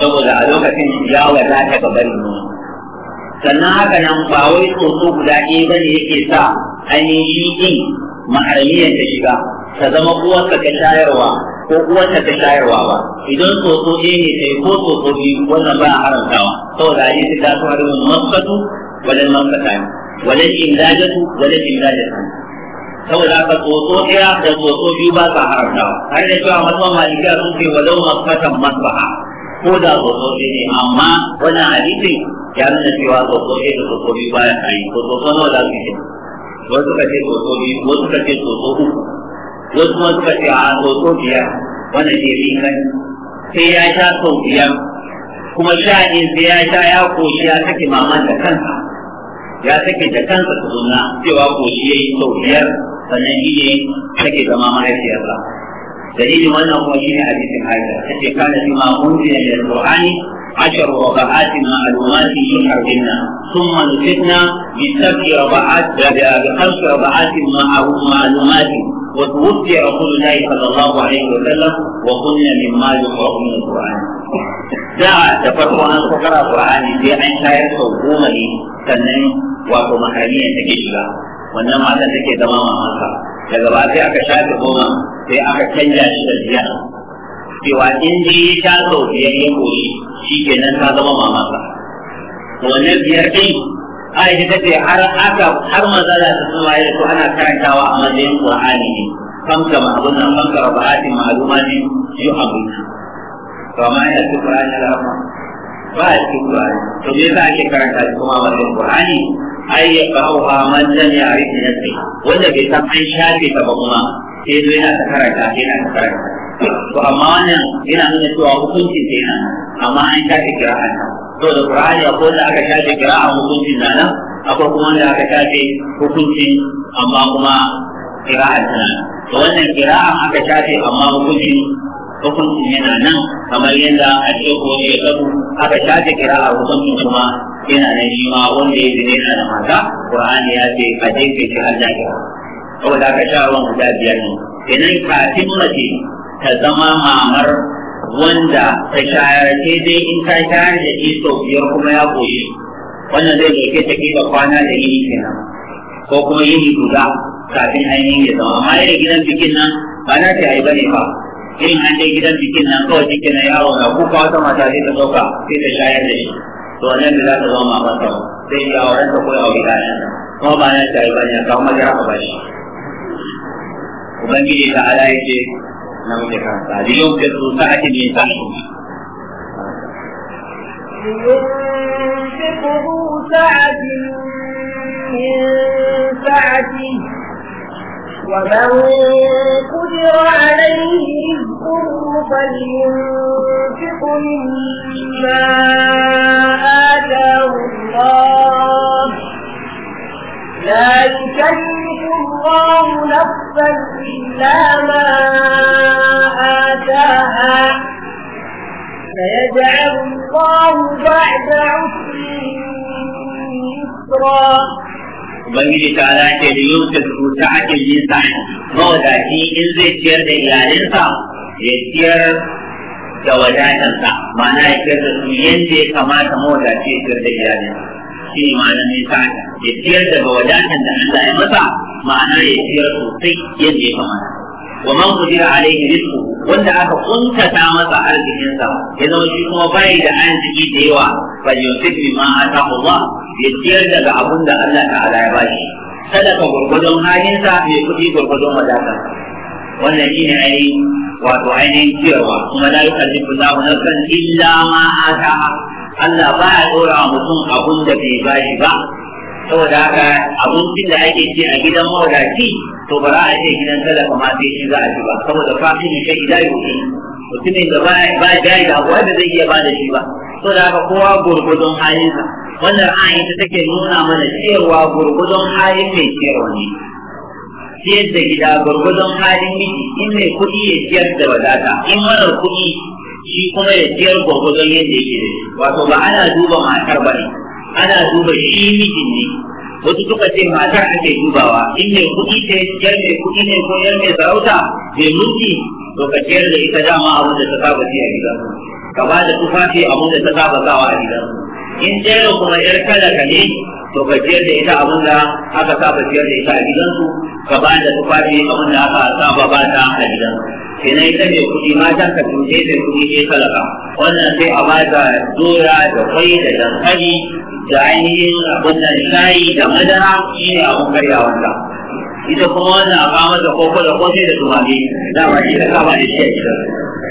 [SPEAKER 2] saboda a lokacin ya wadata ga bari nono sannan haka nan ba wai tsotso guda ɗaya ba ne yake sa ainihin shi ɗin maharamiyar ta shiga ta zama uwarsa ta shayarwa ko uwarsa ta shayarwa ba idan tsotso ɗaya ne ta yi ko tsotso biyu wannan ba a haramtawa saboda a yi ta taso harbin maskatu wajen maskata ne wajen indajatu wajen indajatu saboda haka tsotso ɗaya da tsotso biyu ba sa haramtawa har da cewa masman malikiya sun ce walau maskatan masbaha ko da tsotsofi ne amma wannan hadisin ya nuna cewa tsotsofi da tsotsofi ba ya kai tsotsofi nawa za su yi wasu ka ce tsotsofi wasu ka ce tsotso wasu kuma suka ce a tsotso biyar wannan ke fi kai sai ya sha sau biyar kuma sha in sai ya sha ya koshi ya sake maman da kansa ya sake da kansa tukunna cewa koshi ya yi sau biyar sannan shi ne sake zama mahaifiyarsa dalilin wannan kuma shine hadisin Aisha tace kana bima unzila min al-Qur'ani عشر ربعات معلومات يحرمنا ثم نفتنا بسبع ربعات بخمس ربعات معلومات وتوفي رسول الله صلى الله عليه وسلم وقلنا مما يقرأ من القرآن da da farko an kokara Qur'ani sai an shayar sau goma ne sannan wato mahaliyan take shiga wannan matan take zama mamaka daga ba sai aka shafe goma sai aka canja shi da biyar cewa in ji ta sau biyar ya koyi shi kenan ta zama mamasa wannan biyar kai aisha ta ce har aka har mazala ta suma ya ko ana karantawa a matsayin qur'ani ne famka ma abun nan famka rabatin ma'luma ne yuhabbu to amma ina cikin da ba a cikin Qur'ani to me yasa ake karanta shi kuma ba cikin Qur'ani ai ya fa'uha man lam ya'rif nafsi wanda bai san an shafe ta ba kuma sai zo yana ta karanta sai yana ta karanta to amma wannan yana nuna cewa hukuncin sai nan amma an shafe kira'an to da Qur'ani akwai wanda aka shafe a hukuncin na nan akwai kuma wanda aka shafe hukuncin amma kuma kira'an tana to wannan kira'an aka shafe amma hukuncin hukuncin yana nan kamar yadda a ce ko ya gabu aka shafe kira a hukuncin kuma yana nan shi ma wanda ya zine na da mata qur'ani ya ce a je kai shi har kira da aka sha ruwan guda biyar ne idan kafin mace ta zama mamar wanda ta shayar sai dai in ta shayar da shi sau biyar kuma ya koyi wannan zai dauke ta kila kwana da yini kenan ko kuma yini guda kafin ainihin ya zama amma irin gidan bikin nan ba na ta yi ba ne ba in an je gidan bikin nan kawai cikin na yawo na kuka wata mata zai ta ɗauka sai ta shayar da shi to wannan da za ta zama mata sai ya auren ta ko ya kuma ba na ta ba ne kawo madara ka ba ubangiji ta ala na mutu kansa liyon ka su sa'atin
[SPEAKER 1] yin sa'i ينفقه من سعته ومن قدر عليه رزقه فلينفق مما آتاه الله لا يكلف الله نفسا إلا ما آتاها سيجعل الله بعد عسر يسرا
[SPEAKER 2] ubangiji ta ala ke da yau ta su ta ake yin sa mawadaci in zai ciyar da iyalinsa ya ciyar da wadatarsa ma'ana ya ciyar da su yadda ya kamata mawadaci ya ciyar da iyalinsa shi ne ma'anar nisa ya ciyar da wadatar da Allah ya masa ma'ana ya ciyar sosai yadda ya kamata wa man qadira alayhi rizqu wanda aka kuntata masa arzikin sa ya zama shi kuma bai da arziki da yawa fa yusif ma atahu Allah ya ciyar daga abun da Allah ta'ala ya bashi sadaka gurgudun halin mai kudi gurgudun wadata wannan shi ne ainihin wato ainihin ciyarwa kuma la yukallifu Allahu nafsan illa ma ataha Allah ba ya dora mutum abun da bai bashi ba saboda haka abincin da ake ci a gidan mawadaci to ba za a ce gidan talaka ma sai shi za a ci ba saboda ne shi idan yau mutumin da ba jari da abuwa da zai iya ba da shi ba saboda haka kowa gurgudun halinsa wannan ayin ta take nuna mana cewa gurgudun halin mai ciyarwa ne ciyar da gida gurgudun halin miji in mai kuɗi ya ciyar da wadata in mara kuɗi shi kuma ya ciyar gurgudun yadda yake da wato ba ana duba matar ba ne ana duba shi mijin ne wasu suka ce mata ake dubawa in mai kuɗi ce yar mai kuɗi ne ko yar mai sarauta mai mulki to ka ciyar da ita dama abin da ta saba ci a gida ka ba da tufafi abin da ta saba sawa a gida in jero kuma yar ka ne to ka jiyar da ita abin da aka saba jiyar da ita a gidansu ka ba da tufafi abin da aka saba ba ta a gidansu kenan ita ne kuɗi matan ka cuce ta kuɗi ne talaka wannan sai a ba ta doya da kwai da dankali da ainihin abin da shayi da madara shi ne abin wanda ita kuma wannan a ba mata koko da kosai da tumami dama shi ta kama da shi a gidansu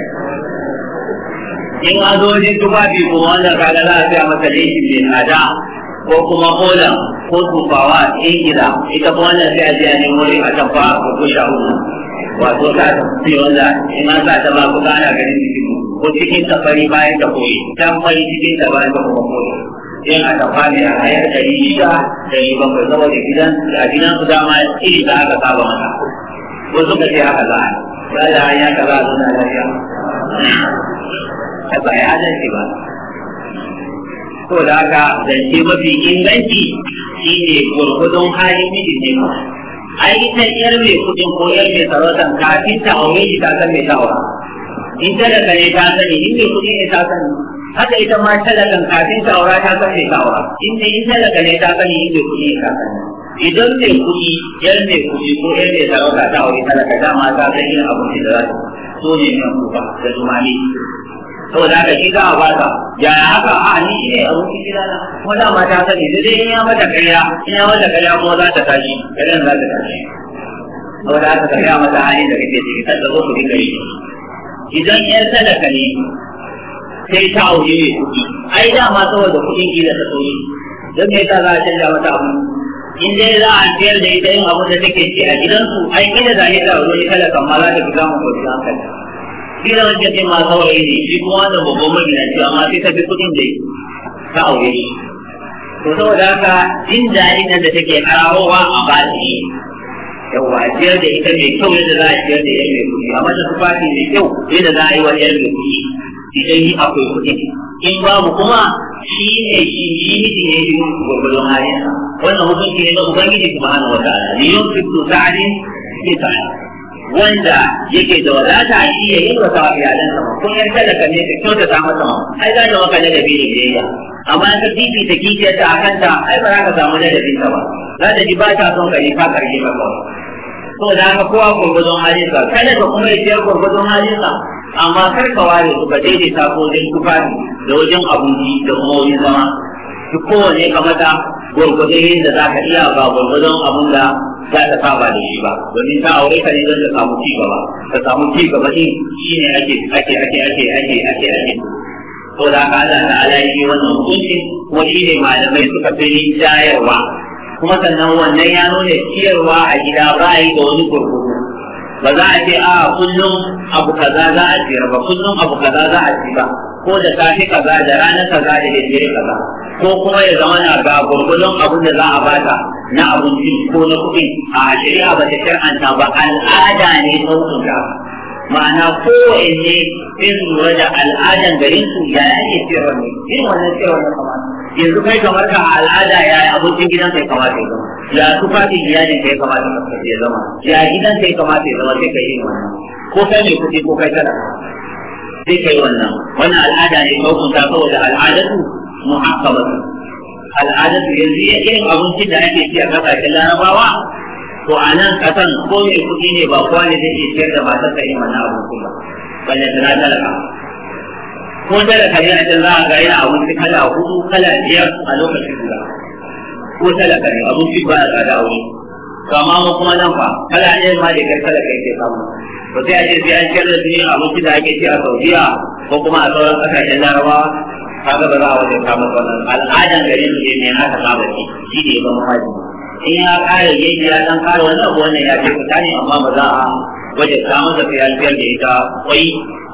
[SPEAKER 2] in an zo wajen tufafi ko wanda kaga za a saya masa leshi mai tsada ko kuma kola ko tufawa ingila ita ko wannan sai a je a nemo a tafa ko kusha hudu wato ta tafi wanda in an sa ta ba ku ana ganin cikin ko cikin tafari bayan ta koyi ta fari cikin ta bayan ta kuma koyi in a tafa ne a hayar ɗari shida ɗari bakwai saboda gidan a gidan su dama iri da aka saba mata wasu ka ce haka za a yi ba da hanya ka za a zauna lafiya ai ba ya adalci ba to da haka zance mafi inganci shine gwargwadon halin mijin ne ba ai ita yar mai kudin ko yar mai sarautan kafin ta aure shi ta san mai shawara in ta daga ne ta sani in mai kudi ne ta sani haka ita ma talakan kafin ta aura ta san mai shawara in dai in ta daga ne ta sani in mai kudi ne ta sani idan mai kudi yar mai kudi ko yar mai sarauta ta aure talaka dama ta san yin abin da za ta so ne mai kuka da tumani saboda haka shi za a baka ya haka a ni shi ne a rufi gidana kuma dama ta sani da dai in ya mata karya in ya mata karya kuma za ta tashi karyar za ta tashi saboda haka ka gaya mata halin da kake ciki kan zama kuɗi gari idan yar sadaka ne sai ta auri ne kuɗi ai da dama saboda kuɗin gida ta sauri don me yasa za a canja mata abu in dai za a siyar da ita yin abin da take ci a gidansu ai gida da ya ta aure ne kada ma za ta fi samun kwanciyar hankali kila wanda ce ma saurayi ne shi kuma wanda babban magidanci amma sai ta fi kuɗin da ta aure shi to saboda haka jin daɗin nan da take kararowa a baki yawa ciyar da ita mai kyau yadda za a ciyar da yan mai kuɗi amma da tufafi mai kyau yadda za a yi wa yan mai kuɗi idan yi akwai kuɗi in babu kuma shi ne shi shi ne shi ne shi gwagwadon halinsa wannan hukunci ne na ubangiji subhanahu wa ta'ala ne yau fito sa'adin ke sa'adin wanda yake da wadata shi iya yi wa a iyalansa ma kun yan talaka ne ka kyautata masa sama. ai za ka maka ladabi da biyayya amma ka bibi ta kike ta akan ta ai ba za ka samu ladabin ta ba za ta ji ba ta son ka ne ka karje ba kawai to da haka kowa gurgudun halinsa kada ka kuma yi biyar gurgudun halinsa amma kar ka ware su ka ta ko zai tufafi da wajen abinci da kuma wajen zama duk kowane ka mata gurgudun da za ka iya ba gurgudun abin da za ta saba da shi ba domin ta aure ka ne don ta samu ci gaba Ka samu ci gaba din shi ne ake ake ake ake ake ake ake Ko da ka Allah ta ala yi wannan hukunci kuma shi ne malamai suka fi jayarwa kuma sannan wannan ya nuna ciyarwa a gida ba yi da wani kurkuku ba za a ce a ah, kullum abu kaza za a ciyar ba kullum abu kaza za a ci ba ko da safe kaza da ranar kaza da daddare kaza ko kuma ya zama na ga gurgurun abin da za a bata na abinci ko na kuɗi a shari'a ba ta shar'anta ba al'ada ne sautin ta ma'ana kowanne in lura da al'adan garin su ya yi cewa ne in wannan cewa ne kamata yanzu kai kamar ka al'ada ya yi abincin gidan kai kamata ya zama ya tufafin iyalin kai kamata ya zama ya gidan kai kamata ya zama sai kai yi wannan ko kai ne kuɗi ko kai talaka Zai kai wannan wannan al'ada ne ko kawai da al'adatu muhakkabatu al'adatu yanzu ya irin abincin da ake ci a kasashen larabawa to a nan kasan ko mai kuɗi ne ba kowa ne zai iya ciyar da matar ka irin wannan abincin ba balle tana talaka ko talaka ne a can za a ga yana abinci kala hudu kala biyar a lokacin guda ko talaka ne abinci ba a tsada a wuri kama mu kuma nan fa Kala ne ma da kala kai ke samu to sai a ce sai an kyalla shi abinci da ake ci a Saudiya ko kuma a sauran kasashen Larabawa kaga ba za a wajen samu wannan al'adan gari ne mai haka saba shi shi ne ba mahaji in ya kare yayi ya dan kare wannan abu wannan ya ce mutane amma ba za a wajen kama da fiyalfiyar da ita kwai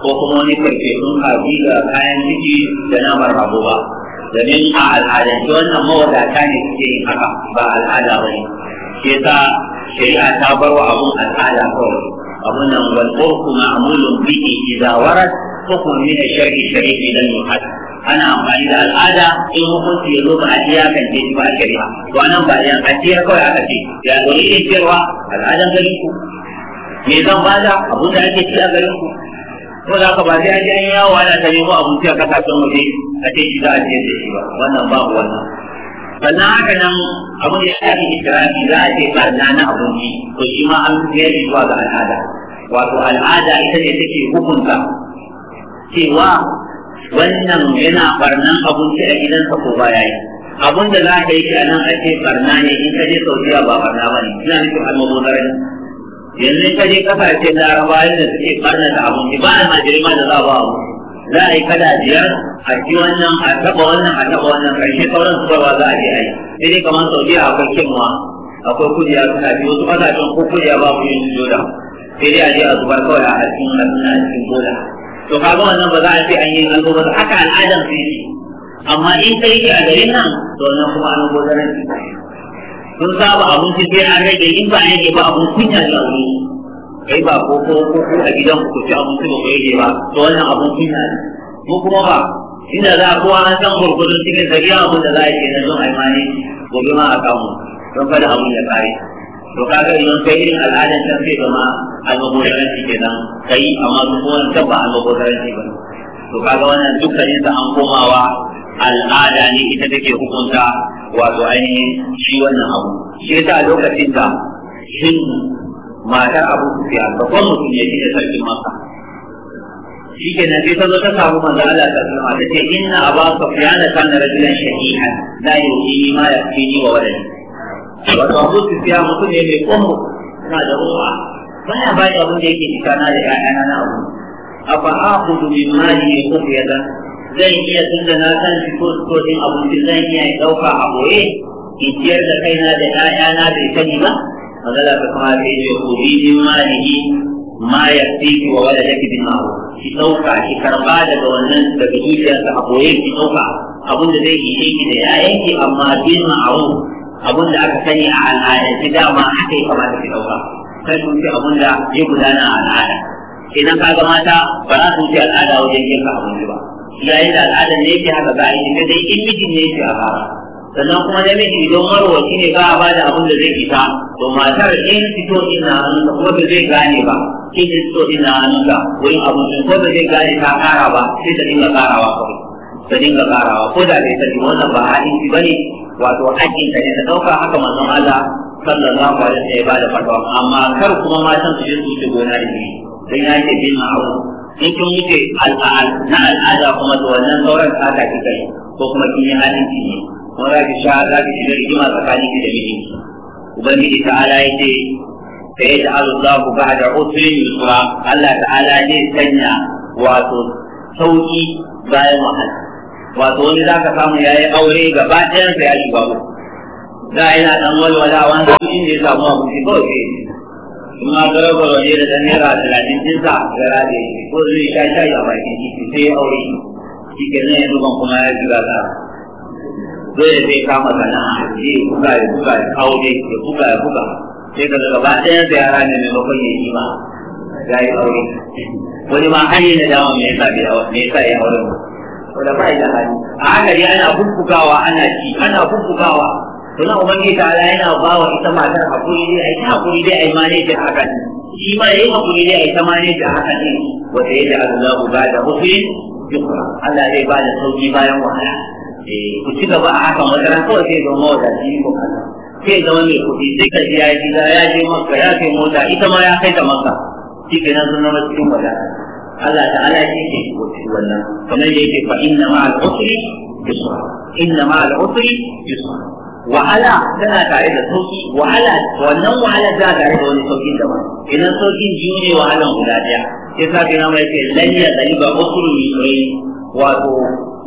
[SPEAKER 2] ko kuma wani karfefun kaji da kayan ciki da na rago ba domin a al'adance wannan mawadata ne suke yin haka ba al'ada ba ne shi yasa shari'a ta bar wa abun al'ada kawai abun nan wal urfu ma'mulun bihi idza warat hukm min shar'i shar'i lan yuhad ana amfani da al'ada in hukunci ya zo ba a kan ce ba a shari'a to anan ba ya a ce kawai aka ce ya zo ne cewa al'adan garin ku me zan da abun da ake ci a garin ku ko da ka ba sai an je an yawo ana ta nemo abinci a kasashen waje a ce shi za a ce da shi ba wannan babu wannan sannan haka nan abin da ake ikirari za a ce barna na abinci to shi ma an biyar zuwa ga al'ada wato al'ada ita ne take hukunta cewa wannan yana ɓarnan abinci a gidansa ko ya yi Abun da za ka yi shi a nan ake ɓarna ne in ka je saudiya ba ɓarna ba ne ina nufin almabonarai yanzu in ka je kasashen larabawa da suke barna da abinci ba a najeriya da za a ba abu za a yi kada biyar a ci wannan a taɓa wannan a taɓa wannan ƙarshe sauran su ba za a je a yi sai dai kamar a akwai kinwa akwai kujiya su kafi wasu ƙasashen ko kujiya ba ku yin joda sai dai a je a zubar kawai a cikin a cikin joda to kaga wannan ba za a ce an yi zango ba haka al'adan su yi amma in kai shi a garin nan to nan kuma an gozaran sun saba abinci sai an rage in ba a yake ba abun kunya da kai ba ko ko ko a gidan ku ci abinci ba ku yi ba to wannan abun kunya ne mu kuma ba inda za a kowa an san gurgurdun cikin zariya abin da za a yi kenan don aimani gobe ma a kamu don kada abun ya kare to kaga idan kai irin al'adan ta sai zama ke kenan kai amma duk wani can ba almabodaranci ba to kaga wannan dukkanin sa an komawa al'ada ne ita take hukunta wato ainihin shi wannan abu shi yasa lokacin da shin matar abu sufiya babban mutum ya da sarkin masa shi ke nan sai ta zo ta samu manzo Allah ta sallama ta ce inna aba sufiya da kana rajulan shahihan la yuhini ma yafini wa waladi wato abu sufiya mutum ne mai kombo na da ruwa baya bai abin da yake cikana da ƴaƴana na abu afa aqulu min mali khufiyata zan iya tunda na san shi ko ko din abu zan iya dauka a boye in ciyar da kaina da ƴaƴana bai sani ba فلا تسمع فيه خذي من ماله ما يكفيك وولدك بالمعروف ki ɗauka ki karba daga wannan daga zuciyarsa a koye ki ɗauka abin da zai ishe ki da ya yayanki amma bin ma'aruf abin da aka sani a al'adance dama haka ya kamata ki ɗauka kai kun fi abin da ya gudana a al'ada idan ka ga mata ba za su wuce al'ada wajen yanka abinci ba yayin da al'adar ne yake haka za a yi dai in mijin ne yake a fara sannan kuma namiji idan marwaci ne ba a ba da abin da zai fita to matar in fito din na hannunka kuma ba zai gane ba in fito din na hannunka wurin abin da ko ba zai gane ta kara ba sai ta dinga karawa kawai ta dinga karawa ko da bai sani wannan ba halin shi bane wato hakkin ka ne ta dauka haka manzon Allah sallallahu alaihi wasallam ya bada fatwa amma kar kuma matan su je su wuce gona da ni sai na ce bin ma'ruf in kin wuce al'ada na al'ada kuma to wannan sauran ka ta kike ko kuma kin yi halin ne kuma za ki sha za ki shiga rigima tsakanin ki da mijin ubangiji ta'ala ya ce fa ku Allahu da usrin yusra Allah ta'ala zai sanya wato sauki bayan wahala wato wani za ka samu ya yi aure gaba ɗayan sa ya shiga uku da yana dan walwala wani kuɗin da ya samu abu shi kawai kuma garagwaro ne da ɗan naira talatin ɗinsa ga rabe ko zai sha shayi a bakin titi sai ya aure shi ke nan yanzu ban kuma ya shiga tsara dole zai kama sana'a zai buga ya buga ya kawo dai ya buga ya buga sai ka daga ba ɗaya da yara ne maimakon ya yi ba ya yi aure wani ma har yi nadama me yasa bai aure me yasa ya aure ba wanda ba da hali a haka dai ana bubbugawa ana ci ana bubbugawa sannan ubangiji ta ala yana ba wa ita matar hakuri dai a yi hakuri dai a yi manejin haka shi ma ya yi hakuri dai a yi ta manejin haka ne wata yadda Allah ba da hukumin yukura Allah zai ba da sauki bayan wahala Eh, ku ci gaba a hakan wata ran kawai sai zama wata shi ko kaza sai zama mai kuɗi sai ka ya yi gida ya je maka ya kai mota ita ma ya kai ta maka shi ke nan sun zama cikin wadata Allah ta'ala shi ke kuɗi wannan kamar da yake fa inna ma al-usri yusra inna ma al-usri yusra wahala tana tare da sauki wahala wannan wahala tana tare da wani saukin da idan saukin jiyo ne wahalan guda ɗaya sai sa ke kina mai ce lan ya zaliba usrun yusra wato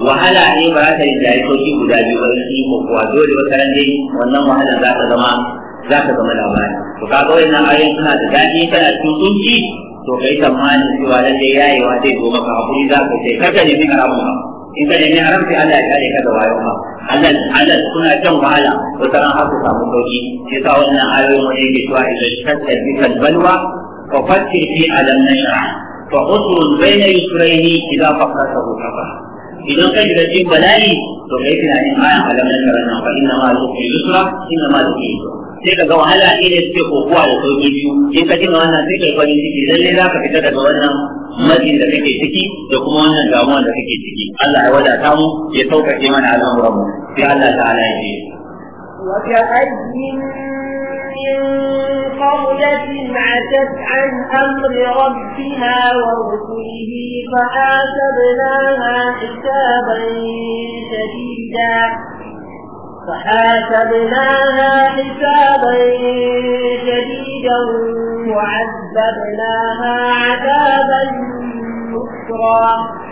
[SPEAKER 2] wahala ne ba za ta yi jayi guda biyu ba yanki, ko kuwa dole ba karan wannan wahala za ta zama za ta zama labari to kaga wannan ayoyin suna da daɗi kana cikin kunci to kai tsammanin cewa lalle yayewa zai zo maka hakuri za ka sai kada ne mika ramu in ka nemi haram sai Allah ya kare ka da wayo ma Allah Allah kuna jan wahala ko tsaron haku samu sauki sai sa wannan ayoyin wani yake cewa idan shakka bi kan balwa fa fatir fi alam nasha fa usrun bayna yusrayni idza faqata hukafa idan kai da cikin bala'i to kai tunanin ma a lamar karanta fa na ma zuki yusra na ma zuki yusra sai ka ga wahala ne da suke kokowa da sauki biyu in ka tuna wannan sai kai farin ciki lalle za ka fita daga wannan matsin da kake ciki da kuma wannan damuwa da kake ciki Allah ya wadata mu ya sauƙaƙe mana al'amuran mu sai Allah ta'ala ya ce
[SPEAKER 1] wa من قرية عتت عن أمر ربها ورسله فحاسبناها حسابا شديدا فحاسبناها حسابا شديدا وعذبناها عذابا نكرا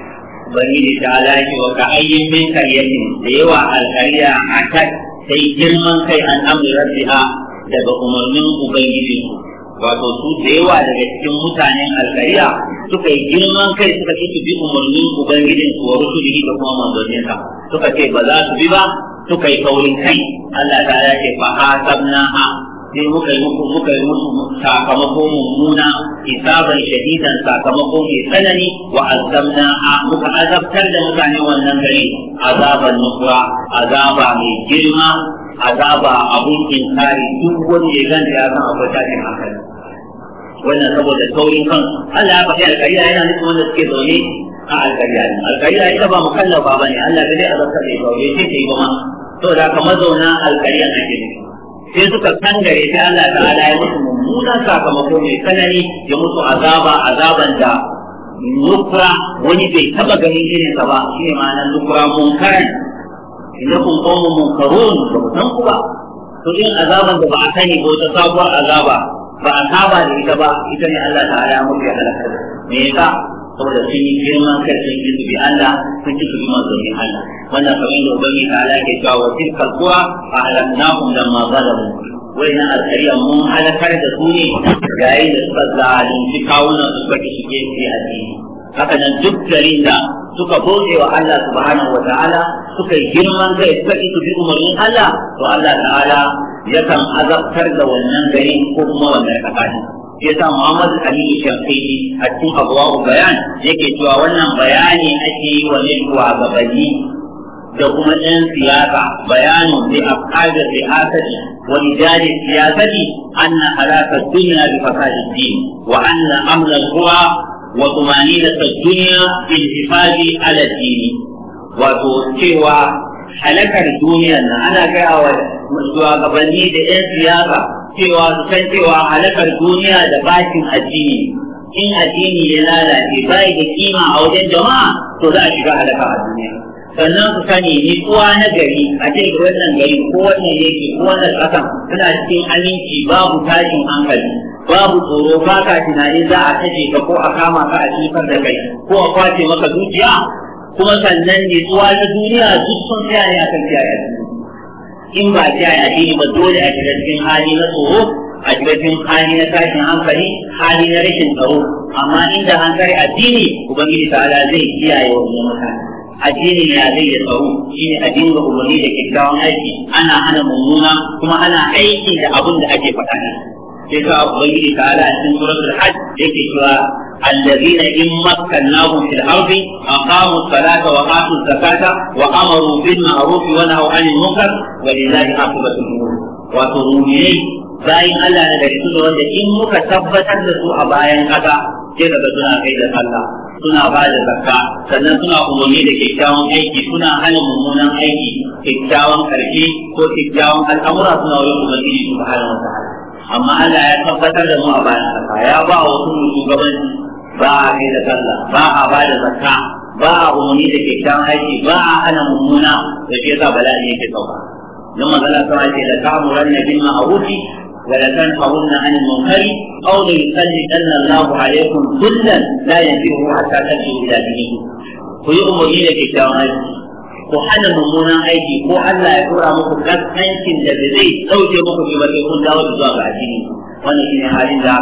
[SPEAKER 2] Ubangiji ta وكأي من wa ka ayyin min karyatin da yawa أمر a kai sai girman kai an daga umarnin ubangijinsu wato su da yawa daga cikin mutanen alkariya suka yi girman kai suka ci su bi umarnin ubangijin su wa rusulihi da kuma manzanninsa suka ce ba za su bi ba suka yi saurin kai Allah ta ya ce fa hasabna ha sai muka yi muku muka yi musu sakamako mummuna hisaban shadidan sakamako mai tsanani wa azabna ha muka azabtar da mutane wannan gari azaban nusra azaba mai girma azaba abun inkari duk wanda ya ganta ya san akwai tashin hankali wannan saboda saurin kan Allah ya faɗi alƙariya yana nufin wanda suke zaune a alƙariya ne alƙariya ita ba mukallafa ba ne Allah bai azabta da ita ya ce ta yi ba ma saboda ka mazauna alƙariya na ke sai suka kangare sai Allah ta'ala ya musu mummunan sakamako mai tsanani ya mutu azaba azaban da nukra wani bai taba ganin irin irinsa ba shi ne ma'anar nukra munkaran innakum qawmun munkarun ba ku san ku ba to in azaban da ba a sani ko ta sabuwar azaba ba a saba da ita ba ita ne Allah ta'ala ya muke halaka me yasa saboda sun yi girman kai sun yi su bi Allah sun ci su bi manzonin Allah wannan kamar da ubangi ta ala ke cewa wa tilka alqura ahlaknahum lamma zalamu wayannan alƙarya mun halakar da su ne yayin da suka zalunci kawunan su suka ki shige su yi addini haka nan duk garin da suka bauɗe wa Allah subhanahu wa ta'ala suka yi girman kai suka yi su bi umarnin Allah to Allah ta'ala yakan azabtar da wannan gari ko kuma wannan tsakani ya sa Muhammad Ali Shafi'i a cikin abuwa bayan yake cewa wannan bayani ake yi wa ne gabani da kuma ɗan siyasa bayanin bi afkajar siyasati wa ijarin siyasati anna halaka dunya bi fasadin din wa anna amra al-qura وطمأنينة الدنيا بالحفاظ على الدين وتوسيوا halakar duniya na ana gaya wa shugabanni da 'yan siyasa cewa su san cewa halakar duniya da bakin addini in addini ya lalace bai da kima a wajen jama'a to za a shiga halaka a duniya sannan su sani ni uwa na gari a ce wannan gari ko wannan yake ko wannan kasan Kana cikin aminci babu tashin hankali babu tsoro ba ka tunani za a kaje ka ko a kama ka a cikin da kai ko a kwace maka dukiya kuma sannan ne tsuwa na duniya duk sun kiyaye a kan kiyaye in ba kiyaye addini ba dole a shiga cikin hali na tsoro a cikin hali na tashin hankali hali na rashin tsaro amma inda hankali addini ubangiji ta'ala zai kiyaye wannan mutane addinin ya zai ya tsaro shi ne addinin da umarni da kyakkyawan aiki ana hana mummuna kuma ana aiki da abin da ake faɗa ne sai ka ubangiji ta ala a cikin suratul hajj yake cewa الذين إن مكناهم في الأرض أقاموا الصلاة وآتوا الزكاة وأمروا بالمعروف ونهوا عن المنكر ولله عاقبة الأمور وتؤمنين bayan Allah na gari su da wanda in muka tabbatar da su a bayan kasa sai suna kai da Allah suna ba da zakka sannan suna umarni da kyakkyawan aiki suna hana mummunan aiki kyakkyawan karfi ko kyakkyawan al'amura suna wani ubangiji su hana wata amma Allah ya tabbatar da mu a bayan zakka ya ba wa kullu shugabanci ba a kai da sallah ba a ba da zakka ba a umarni da kyakkyawan aiki ba a hana mummuna da ke sa bala'i yake sauka. Don magana sama ce da kamuran na bin ma'arufi ولتنهون عن المنكر او ليسلطن الله عليكم ذلا لا ينفعه حتى تاتوا الى دينه ويؤمرين بالشرائع ku hana mummunan aiki ko Allah ya tura muku kaskancin da ba zai dauke muku ba sai kun dawo zuwa ga addini wannan shine halin da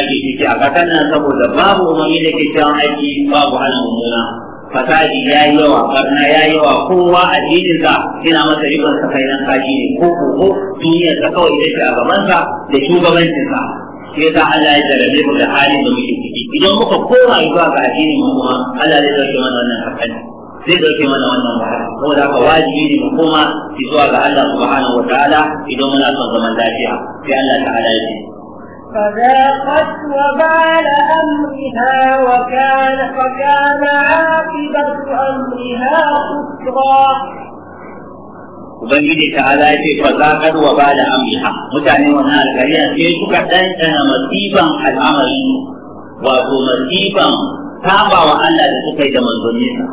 [SPEAKER 2] ake ciki a kasan nan saboda babu umarni da kyakkyawan aiki babu hana mummuna fasadi ya yi yawa barna ya yi yawa kowa a addininsa yana masa ribar sa kai nan kashi ne ko ko ko duniyar sa kawai ita ce a gabansa da shugabancinsa sai ta Allah ya jarabe mu da halin da muke ciki idan muka koma zuwa ga addinin mu kuma Allah zai dauke mana wannan hakani zai dauke mana wannan wahala da haka wajibi ne mu koma zuwa ga Allah subhanahu wataala idan muna son zaman lafiya sai Allah ta'ala ya ce
[SPEAKER 1] فذاقت وبال أمرها وكان وكان عاقبة أمرها خسرا
[SPEAKER 2] Ubangiji ta ala ya ce fa zaƙar wa ba da amriha mutane wannan alkariya sai suka ɗanɗana masifan al'amari wato masifan saba wa Allah da suka yi da manzoninsa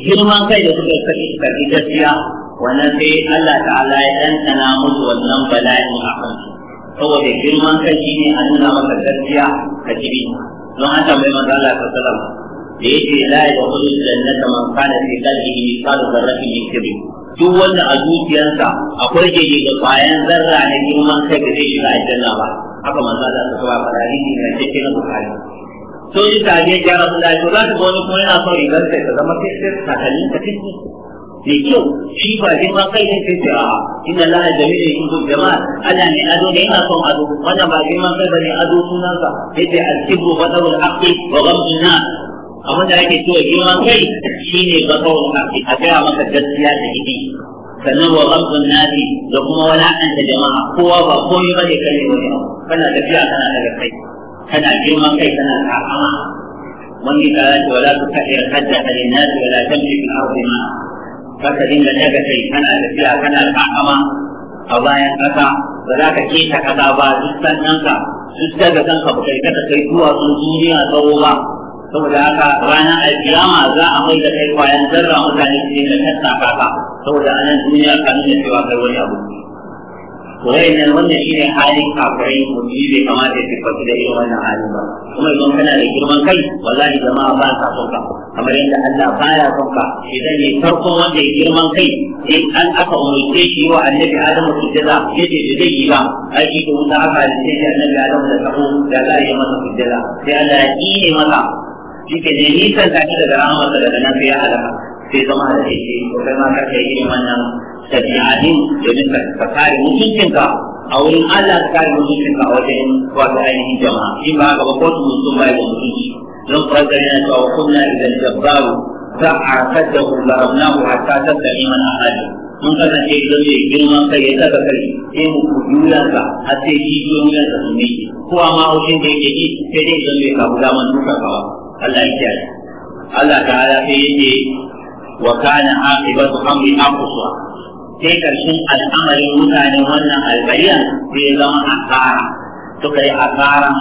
[SPEAKER 2] girman kai da suka yi karɓi gaskiya wannan sai Allah ta'ala ya ɗanɗana musu wannan bala'in a kansu saboda girman kai shi ne an nuna maka gaskiya ka jibi don an tambayi manzo Allah ta sallama da yake la ya kullu jannata man kana fi qalbihi mithqalu dharratin min kibr duk wanda a zuciyarsa akwai jeje ga bayan zarra ne girman kai da zai shiga aljanna ba haka manzo Allah ta sallama fara hadisi da cikin Bukhari so ji ta ne ya Rasulullahi to za ta ga wani kuma yana son rigar sai ta zama fiskar takalin ta fiskar mai kyau shi ba girma kai ne sai ce a'a inna laha jami'in yuzu jama'a Allah ne ado ne yana son ado wannan ba girman kai bane ado sunansa yace al-kibru badarul haqqi wa ghamdun nas abin da ake cewa girman kai shine badarul haqqi a ga maka gaskiya da gidi sannan wa ghamdun nasi da kuma wala'anta jama'a kowa ba komai bane kai wani kana tafiya kana daga kai kana girman kai kana ta'ama wani ta ce wala tukahir hajjaka lin nasi wala tamshi fil ardi ma'a za ka dinga daga kai kana tafiya kana kakama a bayan ƙasa ba za ka keta ƙasa ba duk sannanka duk daga kanka ba kai kada kai zuwa sun duniya tsawo ba saboda haka ranar alkiyama za a mai da kai kwayan zarra mutane su dinga tattaka ka saboda anan duniya ka nuna cewa kai wani abu wayannan wannan ne halin kafirai mutum bai kamata ya tabbata da irin wannan halin ba kuma idan kana da girman kai wallahi jama'a ba ka son ka kamar yadda Allah baya son ka idan ne farko wanda ya girman kai in an aka umarce shi wa annabi Adamu sujjada yace da zai yi ba aiki ko da aka halice shi annabi Adamu da sabo da za ya yi masa sujjada sai Allah ya kine masa shi ke ne nisan ka daga rahamarsa daga nan sai ya halaka sai zama da shi ko kai ma ka yi irin wannan da tabi'atin domin ka kare mutuncinka a wurin Allah ka kare mutuncinka a wajen wato ainihin jama'a in ba haka ba ko su mutum bai da mutunci don fadar yana cewa wa kunna da jabbaru za a kaddahu laramnahu hatta tattali man ahadi mun kasance idan mai girman kai ya saka kai sai mu kujulansa a sai shi duniyansa sun ne ko amma haushin da yake yi sai dai idan mai kafu daman duka kawa Allah ya kiyaye Allah ta'ala sai yake wa kana aqibatu amri aqsa sai karshen al'amarin mutanen wannan albariya zai zama asara suka yi asara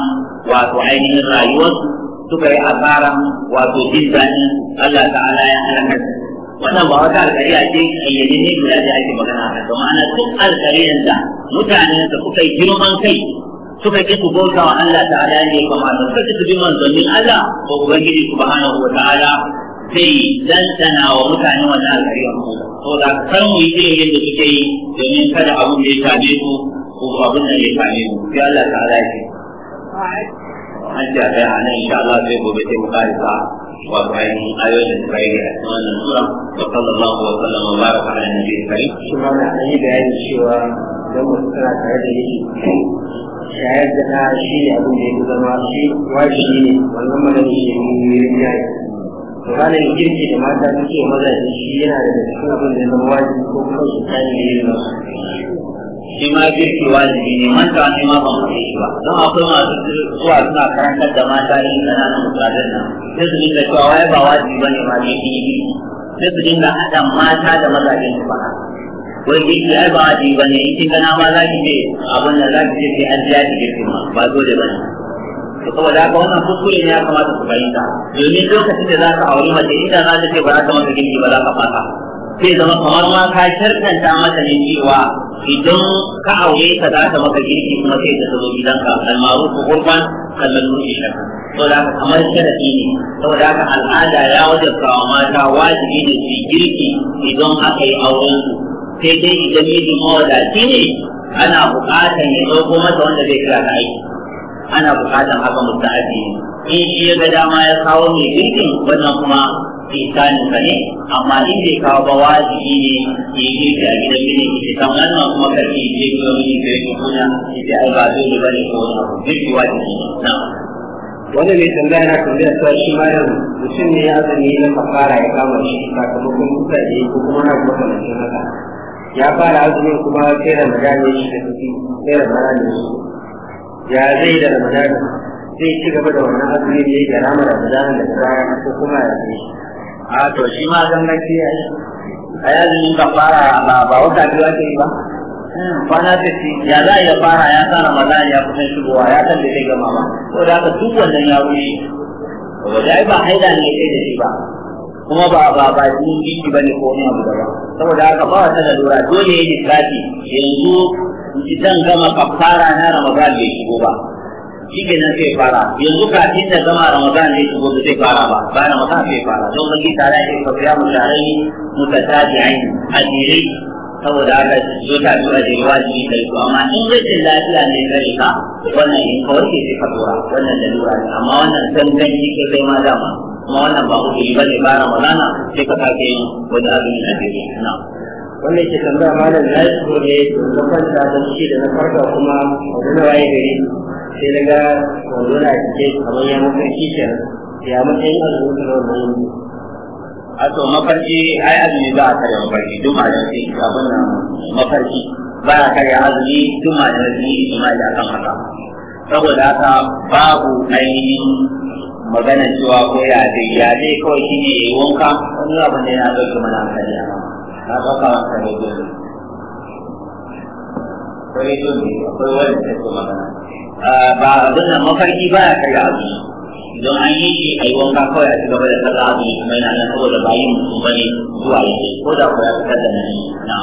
[SPEAKER 2] wato ainihin rayuwarsu suka yi asara wato jin daɗin Allah ta'ala ya halaka wannan ba wata alkariya ce ayyane ne guda da ake magana a kan ma'ana duk alkariyan da mutanen da suka yi girman kai suka ki su bauta wa Allah ta'ala ne kuma, suka ki su bi manzannin Allah ko ubangiji subhanahu wa ta'ala zai lantana wa mutane wannan alkhairi a mutum da san mu yi irin da yi domin kada abun da ya same ku ko abun da ya same mu sai Allah ta ala shi an ce a nan insha Allah sai gobe sai mu kare wa bayan ayoyin da suka yi wannan sura wa sallallahu wa sallam wa baraka ala nabiyyi karim shi na yi bayani cewa dan mutum tana tare da yake shayar da ta shi ne abin da ya zama shi wajibi ne wannan magana shi ne rinjaye ranar girki da mata suke mazaje shi yana da cikin abin da zama wajibi ko kuma su tsani da yin nasu shi ma girki wajibi ne manta ne ma ban kai yi ba don akwai masu zuwa suna karantar da mata yin ƙananan mutanen nan sai su dinga cewa wai ba wajibi ba ne ma girki ne sai su dinga haɗa mata da mazajen su ba wai girki ai ba wajibi ba ne in kin gana ma za ki je abin da za ki je sai an jiya ki girki ma ba dole ba ne to saboda haka wannan kuskure ne ya kamata ku fahimta domin lokacin da za ka auri mace inda za ta ce ba za ta maka girki ba za ka fata sai zama kamar ma ka sharkanta mata ne cewa idan ka aure ka za ta maka girki kuma sai ta zo gidanka almaru ko kurban kallon nufi shaka saboda haka kamar sharafi ne saboda haka al'ada ya wajabta wa mata wajibi ne su girki idan aka yi auren su sai dai idan mijin mawadaci ne ana buƙatar ya ɗauko mata wanda zai kira da aiki ana bukatan haka musta'abi in shi ya ga dama ya kawo mai girkin wannan kuma isanin sa ne amma in bai kawo ba wajibi ne ya yi girki a gidan gidan ki san wannan kuma karfi ya ce ko mun yi ko kuna ya ai ba dole bane ko girki wajibi na Wannan mai tambaya na tambaya ta shi malam mutum ne ya zama yi na fara ya kama shi sakamakon kuka da yi ko kuma na kuma kamancin haka ya fara azumin kuma sai ramadan ne shi da kuɗi sai ramadan ne shi ya zai da ramadan zai ci gaba da wannan azumi da yake rama ramadan da baya ko kuma ya zai a to shi ma gangaci ya yi a yanzu ka fara ba ba wata biyu ake yi ba hmm. kwana ta ce ya za a iya fara ya sa ramadan ya kusan shigowa ya san da zai gama ba ko da haka duk wannan ya wuce ba da ba haida ne kai da shi ba kuma ba ba ba jini ba ne ko wani abu daban. ba saboda haka ba wata da lura dole ya yi yanzu idan gama kafara na ramadan bai shigo ba shi ke nan sai fara yanzu kafin da gama ramadan ne shigo ba zai fara ba ba ramadan bai fara don baki tare da ka biya mu tare ni muka taji aini ajirai saboda haka zo ta tura da yawa ji da su amma in zai ce lafiya ne yi ka wannan in ka warke sai ka tura wannan da lura amma wannan san ganci kai kai ma dama kuma wannan ba kuke yi ba ne ba ramadana sai ka sake yin wani abin da ke yi na'am wanda ke tambaya malam na yi tsoro ne na kwanta shi da na farka kuma a wani waye gari sai na ga wanzu na cike kamar ya mafarki ke ya matsayin azumi na wannan a to mafarki ai azumi ba a karya mafarki duk ma da sai abin nan mafarki ba a karya azumi duk ma da sai ijma da kan haka saboda haka babu ainihin magana cewa ko ya zai ya zai kawai shine yi wanka wani abin da yana dauke mana hankali a na ɗauka wata rediyon ne ko rediyon ne akwai wani da ke magana ba abin nan mafarki ba ya karya abu don an yi shi a yi wanka kawai a ci gaba da sallah abu kuma yana nan saboda ba yi mutum ba ne zuwa yake ko da kuwa ya fitar da nan na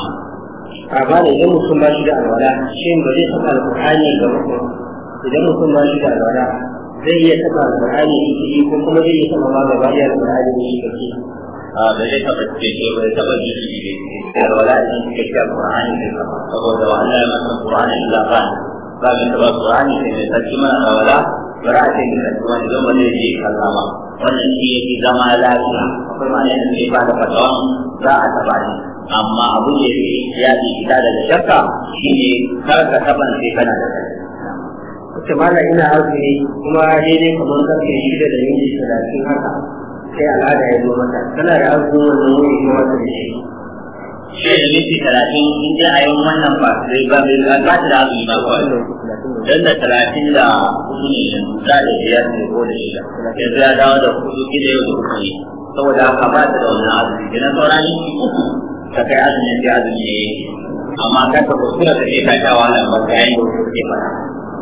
[SPEAKER 2] amma da idan mutum ba shi da alwala shi ba zai saka alƙur'ani ga mutum idan mutum ba shi da alwala zai iya saka alƙur'ani shi ko kuma zai iya saka ma gaba ɗaya alƙur'ani shi kake da zai taba cike ba ya taba jiki ne da wala san cikakken Qur'ani ne saboda Allah ya masa Qur'ani da Zaban. ba ga taba Qur'ani ne da sarki mana a wala bara ta yi kasuwa idan wani ya yi kallama wannan shi ya fi zama lafiya akwai malamin ne ke ba da fatawa za a taba shi amma abu ne ya fi fita daga shakka shine kar ka taban sai kana da kai Kuce mala ina azumi kuma daidai kamar karfe shida da minti talatin haka sai al'ada ya zo mata tana da abubuwan da mu yi mata da shi shi da minti talatin in dai a yi wannan ba sai ba bai ba ta da abu ba kawai don da talatin da hudu ne yanzu za da biyar ne ko da shida yanzu ya dawo da hudu gida yau da hudu ne saboda haka ba ta da wannan azumi kenan sauran minti uku ka kai azumin sai azumi ne amma kan ka kuskura ka je ka sha wahalar ba ta yi wasu ke fara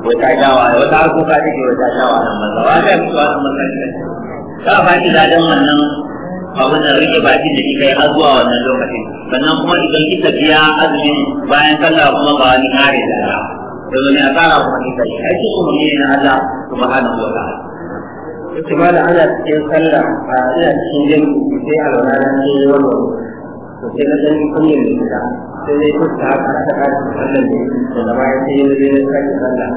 [SPEAKER 2] wata sha wata harkoka take wata sha wahalar ba ba ka kai wasu wahalar ba ka ba shi wannan abin da rike baki da shi kai har zuwa wannan lokacin sannan kuma idan ki tafiya azumin bayan sallah kuma ba ni kare da ra yanzu ne a tsara kuma ki kai aiki kuma ne na Allah subhanahu wa ta'ala yace ma da ana cikin sallah a ina cikin jami'i sai alwala na ce wannan to sai na san kunyar da sai dai kuka haka ta kashi sallah ne da bayan sai na je na sake sallah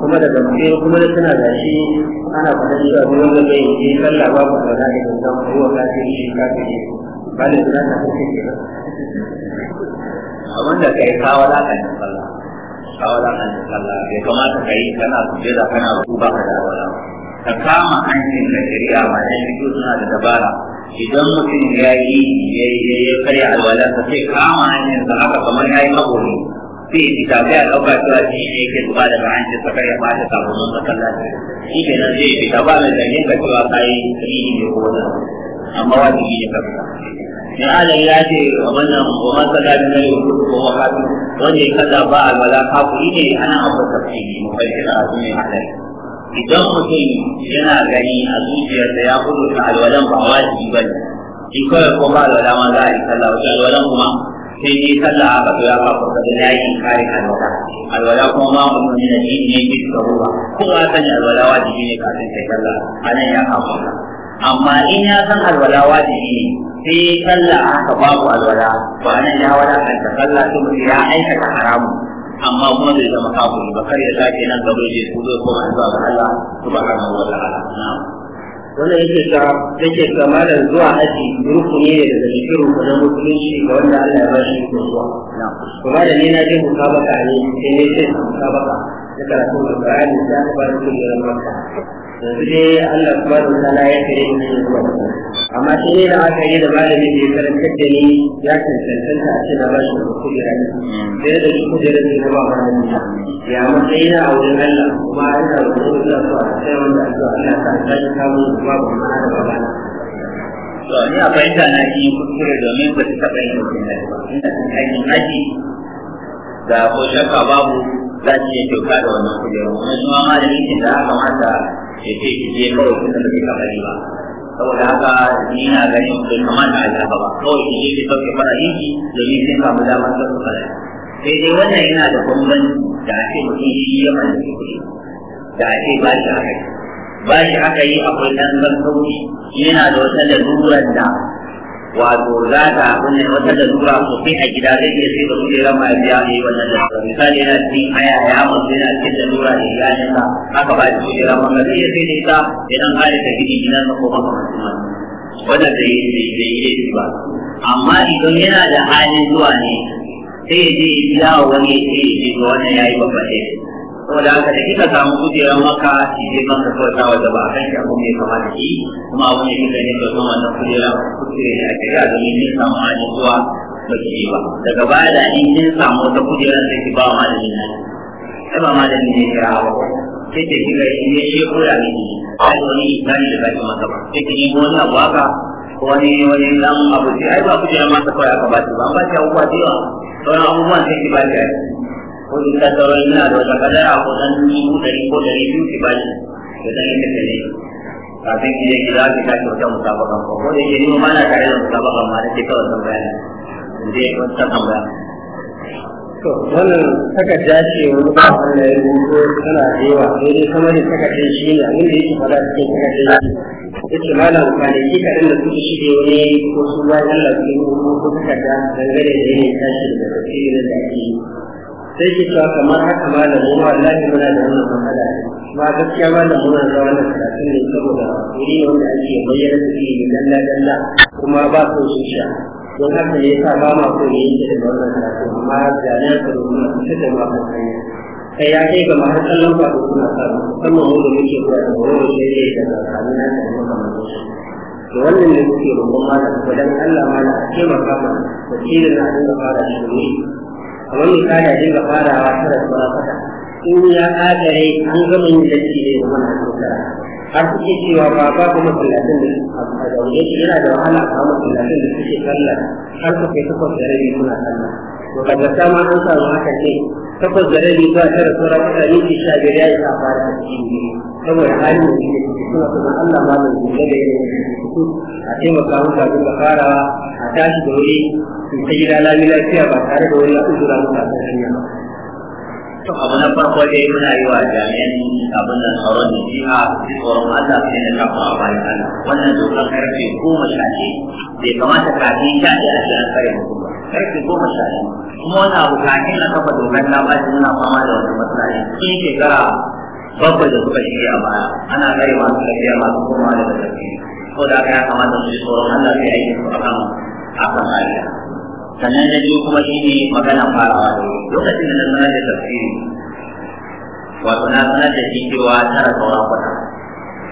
[SPEAKER 2] kuma da gaske kuma da tana da shi ana faɗin cewa duk wanda bai yi sallah babu kaza da gaske ko wa kafiri shi kafiri ba da za ta kace ke ba abin da kai kawo da kan sallah kawo da kan sallah bai kamata kai kana suje da kana ku ba ka da wala ka kama hancin da shari'a ba, dan shi suna da dabara idan mutum ya yi ya yi ya karya alwala sai kama hancin sa haka kamar ya yi kaburi sai in tafi a ɗauka cewa shi ne yake zuba da ba hancin sa kai ba ta samu don sa kallon shi ke nan zai fita ba mai zargin ka cewa ka yi rini ne ko wani amma wajibi ne ka fita ne alai ya ce wa wannan wa masala min al yusuf wa wahatu wanda ya kaza ba al wala kafuri ne ana abu tafsiri mu fahimta a cikin alai idan mutum yana gani a zuciyarsa ya kudu ta alwalan ba wajibi ba ne in kawai ko ba alwala ma za a yi sallah wajen alwalan kuma sai ni sallah aka to ya fa ko da yayi kare alwala alwala kuma ma mun ne da yin ne bi da ruwa ko ka san alwala wajibi ne kafin kai sallah nan ya kama. amma in ya san alwala wajibi ne sai sallah haka babu alwala ba nan ya wala kan ta sallah to ya aikata haramu amma kuma zai zama kafiri ba kar ya sake nan gaba ya ko zai koma zuwa ga Allah subhanahu wa ta'ala na'am wannan yake ka yake zuwa haji rukuni ne daga cikin rukunan musulunci ga wanda Allah ya ba shi ko zuwa kuma da ni na je musabaka ne sai ne sai musabaka da karatun Qur'ani da ba da kullu ran Yanzu dai Allah subhanahu wa ta'ala ya kare ni zuwa amma shi ne da aka yi da malamin da ya karantar da ni ya cancanta a cikin na ba shi da kujera ne sai da shi kujera ne na ba malamin ya matsayi na a wurin Allah kuma ina roƙon Allah su a sai wanda addu'a Allah ta ta shi kawo su ba ba mana da ba to ni a fahimta na yi kuskure domin ba su taɓa yin mutum da ba ina cin aikin haji da ko shakka babu za su iya kyauta da wannan kujerar wani shi ma malamin da aka mata ya ce ki je kawai kuma da bai taɓa ba saboda haka ni na ganin bai kamata a gaba ba kawai ki je ki sauke fara'in ki domin sai samu damar sauke fara'in sai dai wannan yana da bambanci da ake mutum shi ya da kuɗi da ake ba shi haka ba shi haka yi akwai ɗan sassauci yana da wata lalurar da wato za ta kunne wata da tura sosai a gida zai iya sai da kujerar ma biya yi wannan da tura misali yana cikin haya ya mutu yana cikin da tura da iyalinsa haka ba shi kujerar ma zai iya sai da ita idan har ta gidi gidan sa ko makamancin wannan wannan da yi da yi da ba amma idan yana da halin zuwa ne sai ya je ya biya wa wani ya ce ya ce wannan ya yi babba ɗaya saboda haka da kika samu kujera maka shi zai maka kyauta wadda ba a kan shi abu mai kama da shi kuma abu ne kika ne kyautar wannan kujera kujera ne a shari'a domin yin samu hali zuwa ba ki yi ba daga baya da ni kin samu wata kujera, da ki ba malami na ai ba malami ne kira ba sai da kika yi ne shi kura ne ai wani isani da zaki masa ba sai ki nemo wani abu haka wani wani dan abu sai ai ba kujera masa kawai aka ba ki ba an ba ki abubuwa da yawa sauran abubuwan sai ki ba ki Ko kudin kaddarori muna da wata kadara ko dan dubu dari ko dari biyu ki ba shi da dan yadda ta ne kafin ki je ki za ki tashi wata musabakan ko ko da yake ni ma na tare da musabakan ma da ke kawai tambaya ne zai ta tambaya to wannan takarda ce wani ba wanda ya rubuto tana da yawa sai dai kuma da takardar shi ne abin da yake faɗa cikin takardar shi yake malam kwanaki kaɗan da suka shige wani ko su bayan Allah su yi ko takarda dangane da yanayin tashi daga tafiye da ake yi sai ke cewa kamar haka malam mu wallahi muna da wannan matsala ba gaskiya malam muna da wannan karatu ne saboda wuri ne wanda ake bayyana su shi ne dalla dalla kuma ba so su sha don haka ne yasa ba ma so ne yake da wannan karatu amma da na karo kuma su da ma ba sai kai ya kai ga mahar kallon ba da kuma sa musamman mu da muke kula da wani shirye da tsakanin nan da kuma kamar shi da wannan ne muke roƙon malam wajen Allah malam a taimaka mana da tsirin a dinga fara shirye kamar misali a dinga farawa tara suna fata in ya kagare an gama yin lacci ne kuma na shekara har suke cewa ba ba ku masallatin da a zaune yana da wahala a samu masallatin da suke sallah har su kai takwas da rabi suna sallah to daga sama an samu haka ne takwas da rabi ba tara suna fata ne ke sha biyar ya isa fara da cikin biyu saboda hali da shi suna suna Allah ma da zuwa da yau a taimaka musu abin da farawa a tashi da wuri su ta gida lami lafiya ba tare da wani uzura musu a kan hanya To abu na farko dai muna yi wa jami'an abin da tsaron da jiha tsoron Allah sai na kafa a bayan Allah. Wannan dokar karfe goma sha ɗaya bai kamata kafin sha ɗaya a jiran kare mutum ba. karfe goma sha kuma wani abu kafin na kafa dokar na ba shi muna fama da wata matsala ne shekara bakwai da suka shirya a baya ana kare masu tafiya masu komawa daga tafiya ko da aka ya kamata su yi tsoron Allah sai aiki su akan akan kariya sannan da biyu kuma shi ne magana farawa da lokacin da na sanar da tafsiri wato na sanar da shi cewa tara sauran kwata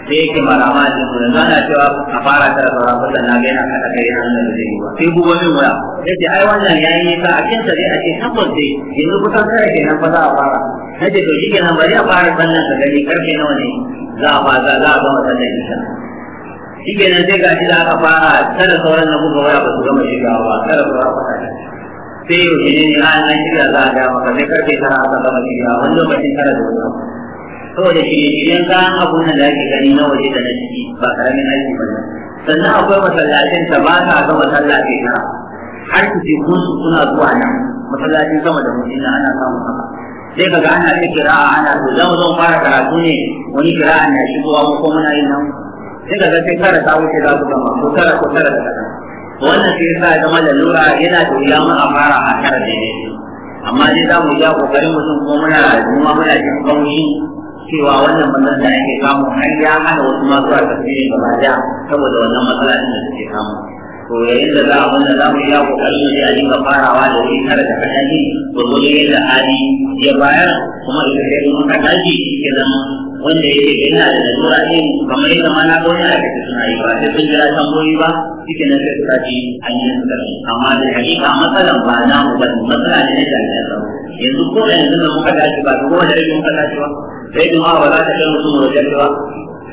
[SPEAKER 2] Sai yake marama da su yanzu ana cewa a fara tara fara kusa na ga yana kada kai yana da zai yi ba sai gubo min waya yace ai wannan yayi ne ka a cikin sai a ce tabbas dai yanzu kusan tara kenan fa za a fara Na nace to shi kenan bari a fara sannan ka gani karfe nawa ne za a fara za a gama sannan insha shi kenan sai ga shi da aka fara tara sauran na kuka waya ba su gama shigawa ba tara fara fara sai yau shi ne an shirya za a ga maka sai karfe tara aka gama shigawa wani lokacin tara da wani saboda shirye-shiryen kayan abun nan da ake gani na waje da na ciki ba karamin aiki ba ne sannan akwai masallacin ta ba ta ga masallaci na har kun su suna zuwa nan masallacin sama da mutum ana samun haka sai kaga ana ta kira ana to za mu fara karatu ne wani kira na shigowa mu ko muna yin nan sai kaga sai kara ta wuce za ku gama ko kara ko kara da kasa wannan sai sa ya zama lalura yana da wuya mun a fara a kara daidai amma dai za mu ya kokarin mutum ko muna rayuwa muna jin kaushi cewa wannan manzon da ake samu har ya hana wasu ma zuwa tafsiri gaba daya saboda wannan matsala din da suke samu to yayin da za a wanda za mu iya kokarin ne a dinga farawa da wuri kada da kaɗaji to ne yadda hali ya bayar kuma ita sai kuma kaɗaji ke zama wanda yake yana da lalura ne kamar yadda ma na ga wani a cikin suna yi ba sai sun jira tamboyi ba suke na sai suka ji an yi suka amma da hakika matsalan ba na mu ba matsala ne na jami'an tsaro yanzu ko da yanzu da muka dace ba ko da yanzu muka dace ba sai kuma ba za ta kai mutum wajen ba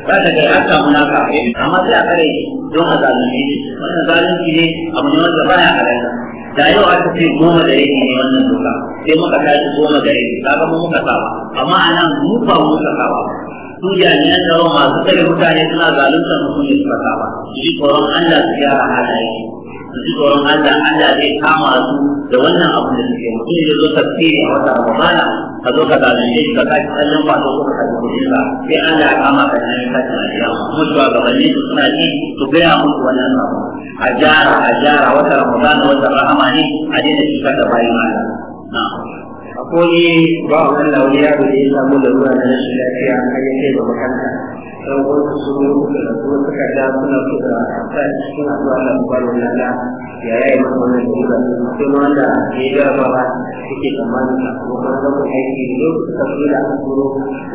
[SPEAKER 2] za ta kai haka muna ka amma sai a kare don a zalunci ne wannan zalunci ne abu ne wanda baya halatta da yau aka ce goma da yake ne wannan doka sai muka tashi goma da yake kaga mu muka ba. amma anan mu ba mu muka ba. su jami'an tsaron masu tsare mutane suna zalunta mutum ya suka ba ji tsoron Allah su gyara halaye ji tsoron Allah Allah zai kama su da wannan abu da suke mutum ya zo tafsiri a wata Ramadana ka zo ka zalunce shi ka kashi kallon ba ko ka kashi kuɗin ba sai Allah ya kama ka nan ka ci ajiya kuma shugabanni su suna ji su gaya musu wannan abu a jara a jara wata Ramadana wata rahama ne a daina shi ka da bayan
[SPEAKER 1] Allah
[SPEAKER 2] akwai ba wani wani yaro da ya samu larura na rashin lafiya har ya kai ga makaranta wasu sun yi da kuma suka da suna da sa cikin addu'a Allah ba da ya yayi masa wannan sai ma da ya jarabawa yake tsammanin sa kuma kan zama aiki da lokacin da suka da asuro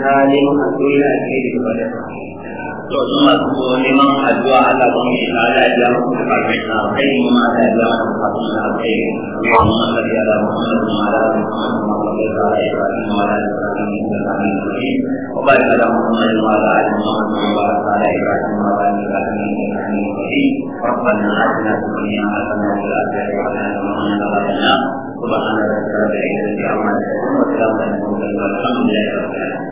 [SPEAKER 2] na neman asuro na da gaba da to sun masu neman addu'a Allah ba mu shi na da ya mu da kafin na kai mu ma da ya mu da kafin na kai mu ma da ya da mu da ma da mu ma da ya da ya da mu da ya da mu da ya wa ba da mu ma da ma da ya mu da ma da ya da mu da ya da mu da ya ربنا آتنا في الدنيا حسنة وفي الآخرة حسنة وقنا عذاب النار سبحان ربك رب العزة عما
[SPEAKER 1] يصفون وسلام على المرسلين والحمد لله رب العالمين